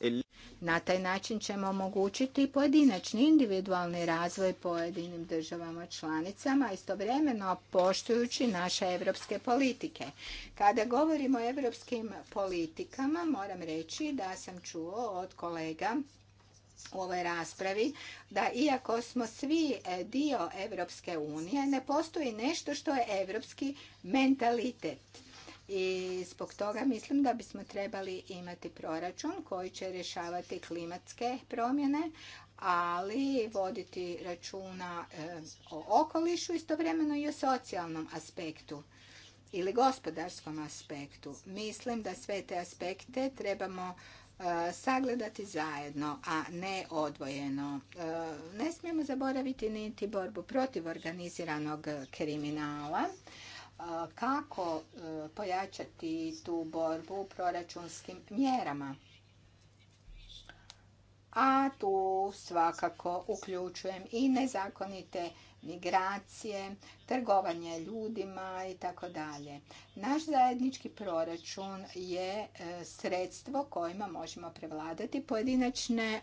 e Na taj način ćemo omogućiti pojedinačni individualni razvoj pojedinim državama članicama, istovremeno poštujući naše evropske politike. Kada govorimo o evropskim politikama, moram reći da sam čuo od kolega u ovoj raspravi da iako smo svi e, dio Evropske unije, ne postoji nešto što je evropski mentalitet. I zbog toga mislim da bismo trebali imati proračun koji će rješavati klimatske promjene, ali voditi računa e, o okolišu istovremeno i o socijalnom aspektu ili gospodarskom aspektu. Mislim da sve te aspekte trebamo E, sagledati zajedno, a ne odvojeno. E, ne smijemo zaboraviti niti borbu protiv organiziranog kriminala. E, kako pojačati tu borbu proračunskim mjerama? A tu svakako uključujem i nezakonite migracije, trgovanje ljudima i tako dalje. Naš zajednički proračun je e, sredstvo kojima možemo prevladati pojedinačne e,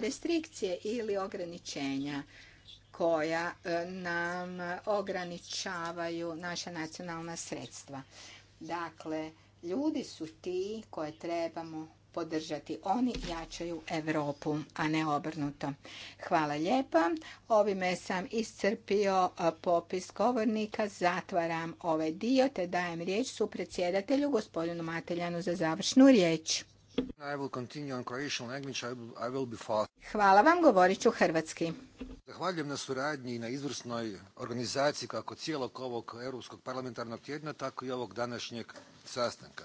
restrikcije ili ograničenja koja e, nam ograničavaju naša nacionalna sredstva. Dakle, ljudi su ti koje trebamo podržati. Oni jačaju Europu, a ne obrnuto. Hvala lijepa. Ovime sam iscrpio popis govornika. Zatvaram ovaj dio te dajem riječ su predsjedatelju gospodinu Mateljanu za završnu riječ. Hvala vam, govorit ću hrvatski. Zahvaljujem na suradnji i na izvrsnoj organizaciji kako cijelog ovog Europskog parlamentarnog tjedna, tako i ovog današnjeg sastanka.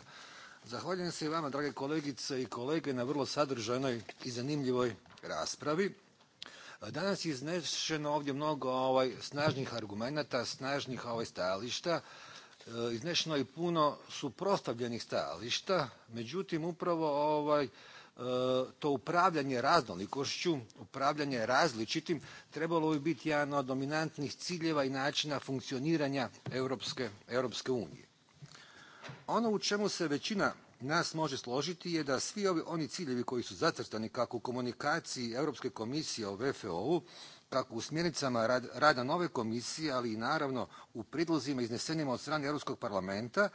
Zahvaljujem se i vama, drage kolegice i kolege, na vrlo sadržajnoj i zanimljivoj raspravi. Danas je iznešeno ovdje mnogo ovaj, snažnih argumenata, snažnih ovaj, stajališta. E, iznešeno je puno suprotstavljenih stajališta, međutim upravo ovaj, e, to upravljanje raznolikošću, upravljanje različitim trebalo bi biti jedan od dominantnih ciljeva i načina funkcioniranja Europske, Europske unije ono u čemu se većina nas može složiti je da svi ovi, oni ciljevi koji su zacrtani kako u komunikaciji Europske komisije o VFO-u, kako u smjernicama rada nove komisije, ali i naravno u pridlozima iznesenima od strane Europskog parlamenta,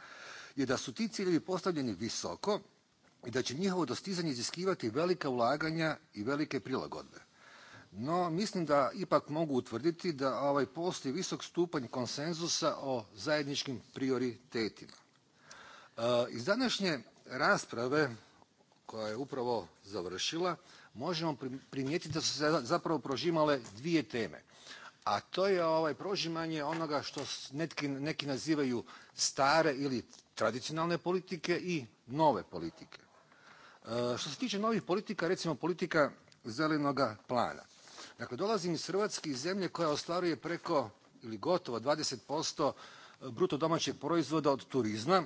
je da su ti ciljevi postavljeni visoko i da će njihovo dostizanje iziskivati velika ulaganja i velike prilagodbe. No, mislim da ipak mogu utvrditi da ovaj postoji visok stupanj konsenzusa o zajedničkim prioritetima. Iz današnje rasprave koja je upravo završila možemo primijetiti da su se zapravo prožimale dvije teme, a to je ovaj prožimanje onoga što neki, nazivaju stare ili tradicionalne politike i nove politike. što se tiče novih politika, recimo politika zelenoga plana. Dakle, dolazim iz Hrvatske, iz zemlje koja ostvaruje preko ili gotovo 20% bruto domaćeg proizvoda od turizma,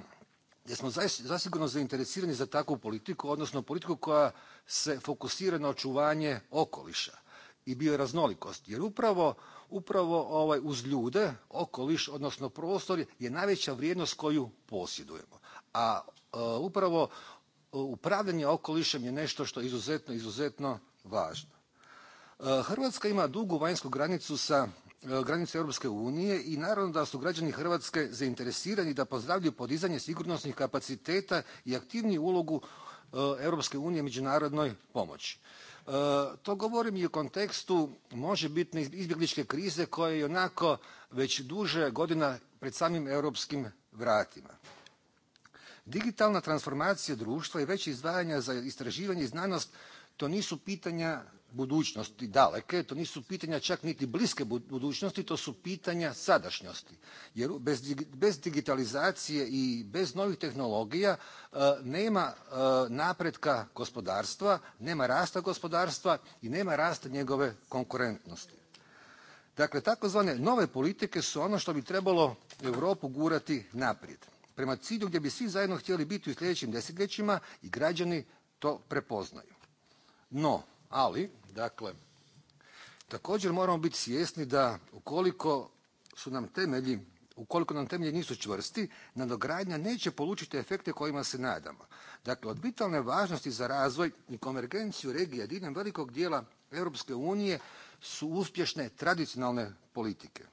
gdje smo zasigurno zainteresirani za takvu politiku, odnosno politiku koja se fokusira na očuvanje okoliša i bioraznolikosti. Jer upravo, upravo ovaj, uz ljude, okoliš, odnosno prostor je najveća vrijednost koju posjedujemo. A e, upravo e, upravljanje okolišem je nešto što je izuzetno, izuzetno važno. E, Hrvatska ima dugu vanjsku granicu sa E, granice Europske unije i naravno da su građani Hrvatske zainteresirani da pozdravljaju podizanje sigurnosnih kapaciteta i aktivniju ulogu e, Europske unije međunarodnoj pomoći. E, to govorim i u kontekstu možebitne izbjegličke krize koja je onako već duže godina pred samim europskim vratima. Digitalna transformacija društva i veća izdvajanja za istraživanje i znanost to nisu pitanja budućnosti daleke, to nisu pitanja čak niti bliske budućnosti, to su pitanja sadašnjosti. Jer bez, digitalizacije i bez novih tehnologija e, nema e, napretka gospodarstva, nema rasta gospodarstva i nema rasta njegove konkurentnosti. Dakle, takozvane nove politike su ono što bi trebalo Europu gurati naprijed. Prema cilju gdje bi svi zajedno htjeli biti u sljedećim desetljećima i građani to prepoznaju. No, ali, dakle, također moramo biti svjesni da ukoliko su nam temelji ukoliko nam temelji nisu čvrsti, nadogradnja neće polučiti efekte kojima se nadamo. Dakle, od vitalne važnosti za razvoj i konvergenciju regija diljem velikog dijela Europske unije su uspješne tradicionalne politike.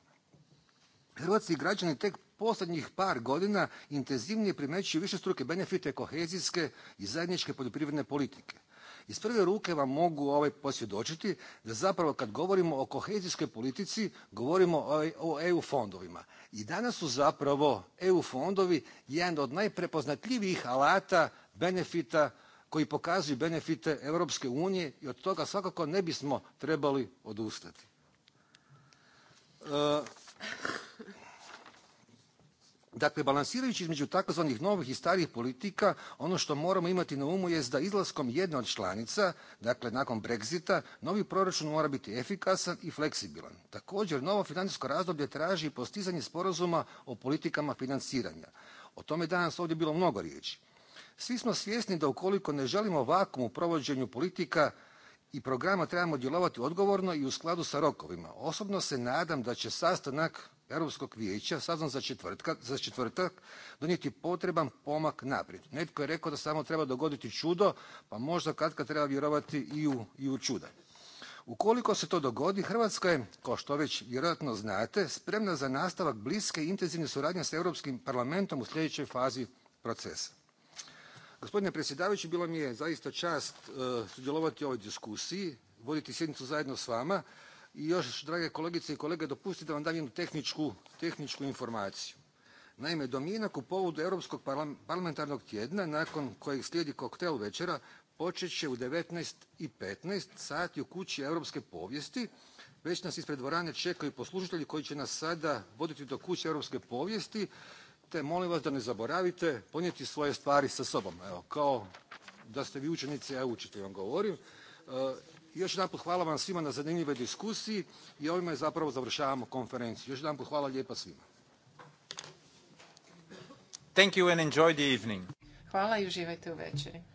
Hrvatski građani tek posljednjih par godina intenzivnije primjećuju struke benefite kohezijske i zajedničke poljoprivredne politike. Iz prve ruke vam mogu ovaj posvjedočiti da zapravo kad govorimo o kohezijskoj politici govorimo o, EU fondovima. I danas su zapravo EU fondovi jedan od najprepoznatljivijih alata benefita koji pokazuju benefite Europske unije i od toga svakako ne bismo trebali odustati. E, Dakle, balansirajući između takozvanih novih i starih politika, ono što moramo imati na umu je da izlaskom jedne od članica, dakle nakon Brexita, novi proračun mora biti efikasan i fleksibilan. Također, novo financijsko razdoblje traži postizanje sporazuma o politikama financiranja. O tome je danas ovdje bilo mnogo riječi. Svi smo svjesni da ukoliko ne želimo vakum u provođenju politika i programa trebamo djelovati odgovorno i u skladu sa rokovima. Osobno se nadam da će sastanak Europskog vijeća sazvan za, za četvrtak donijeti potreban pomak naprijed. Netko je rekao da samo treba dogoditi čudo, pa možda katkad treba vjerovati i u, i u čuda. Ukoliko se to dogodi, Hrvatska je, kao što već vjerojatno znate, spremna za nastavak bliske i intenzivne suradnje s Europskim parlamentom u sljedećoj fazi procesa. Gospodine predsjedavajući, bilo mi je zaista čast e, sudjelovati u ovoj diskusiji, voditi sjednicu zajedno s vama i još, drage kolegice i kolege, dopustite da vam dam jednu tehničku, tehničku informaciju. Naime, Dominak u povodu Europskog parlamentarnog tjedna, nakon kojeg slijedi koktel večera, počet će u 19.15 sati u kući europske povijesti. Već nas ispred dvorane čekaju poslužitelji koji će nas sada voditi do kuće europske povijesti, te molim vas da ne zaboravite ponijeti svoje stvari sa sobom. Evo, kao da ste vi učenici, ja učitelj vam govorim još jedanput hvala vam svima na zanimljivoj diskusiji i ovime zapravo završavamo konferenciju. Još jedanput hvala lijepa svima. Thank you and enjoy the evening. Hvala i uživajte u večeri.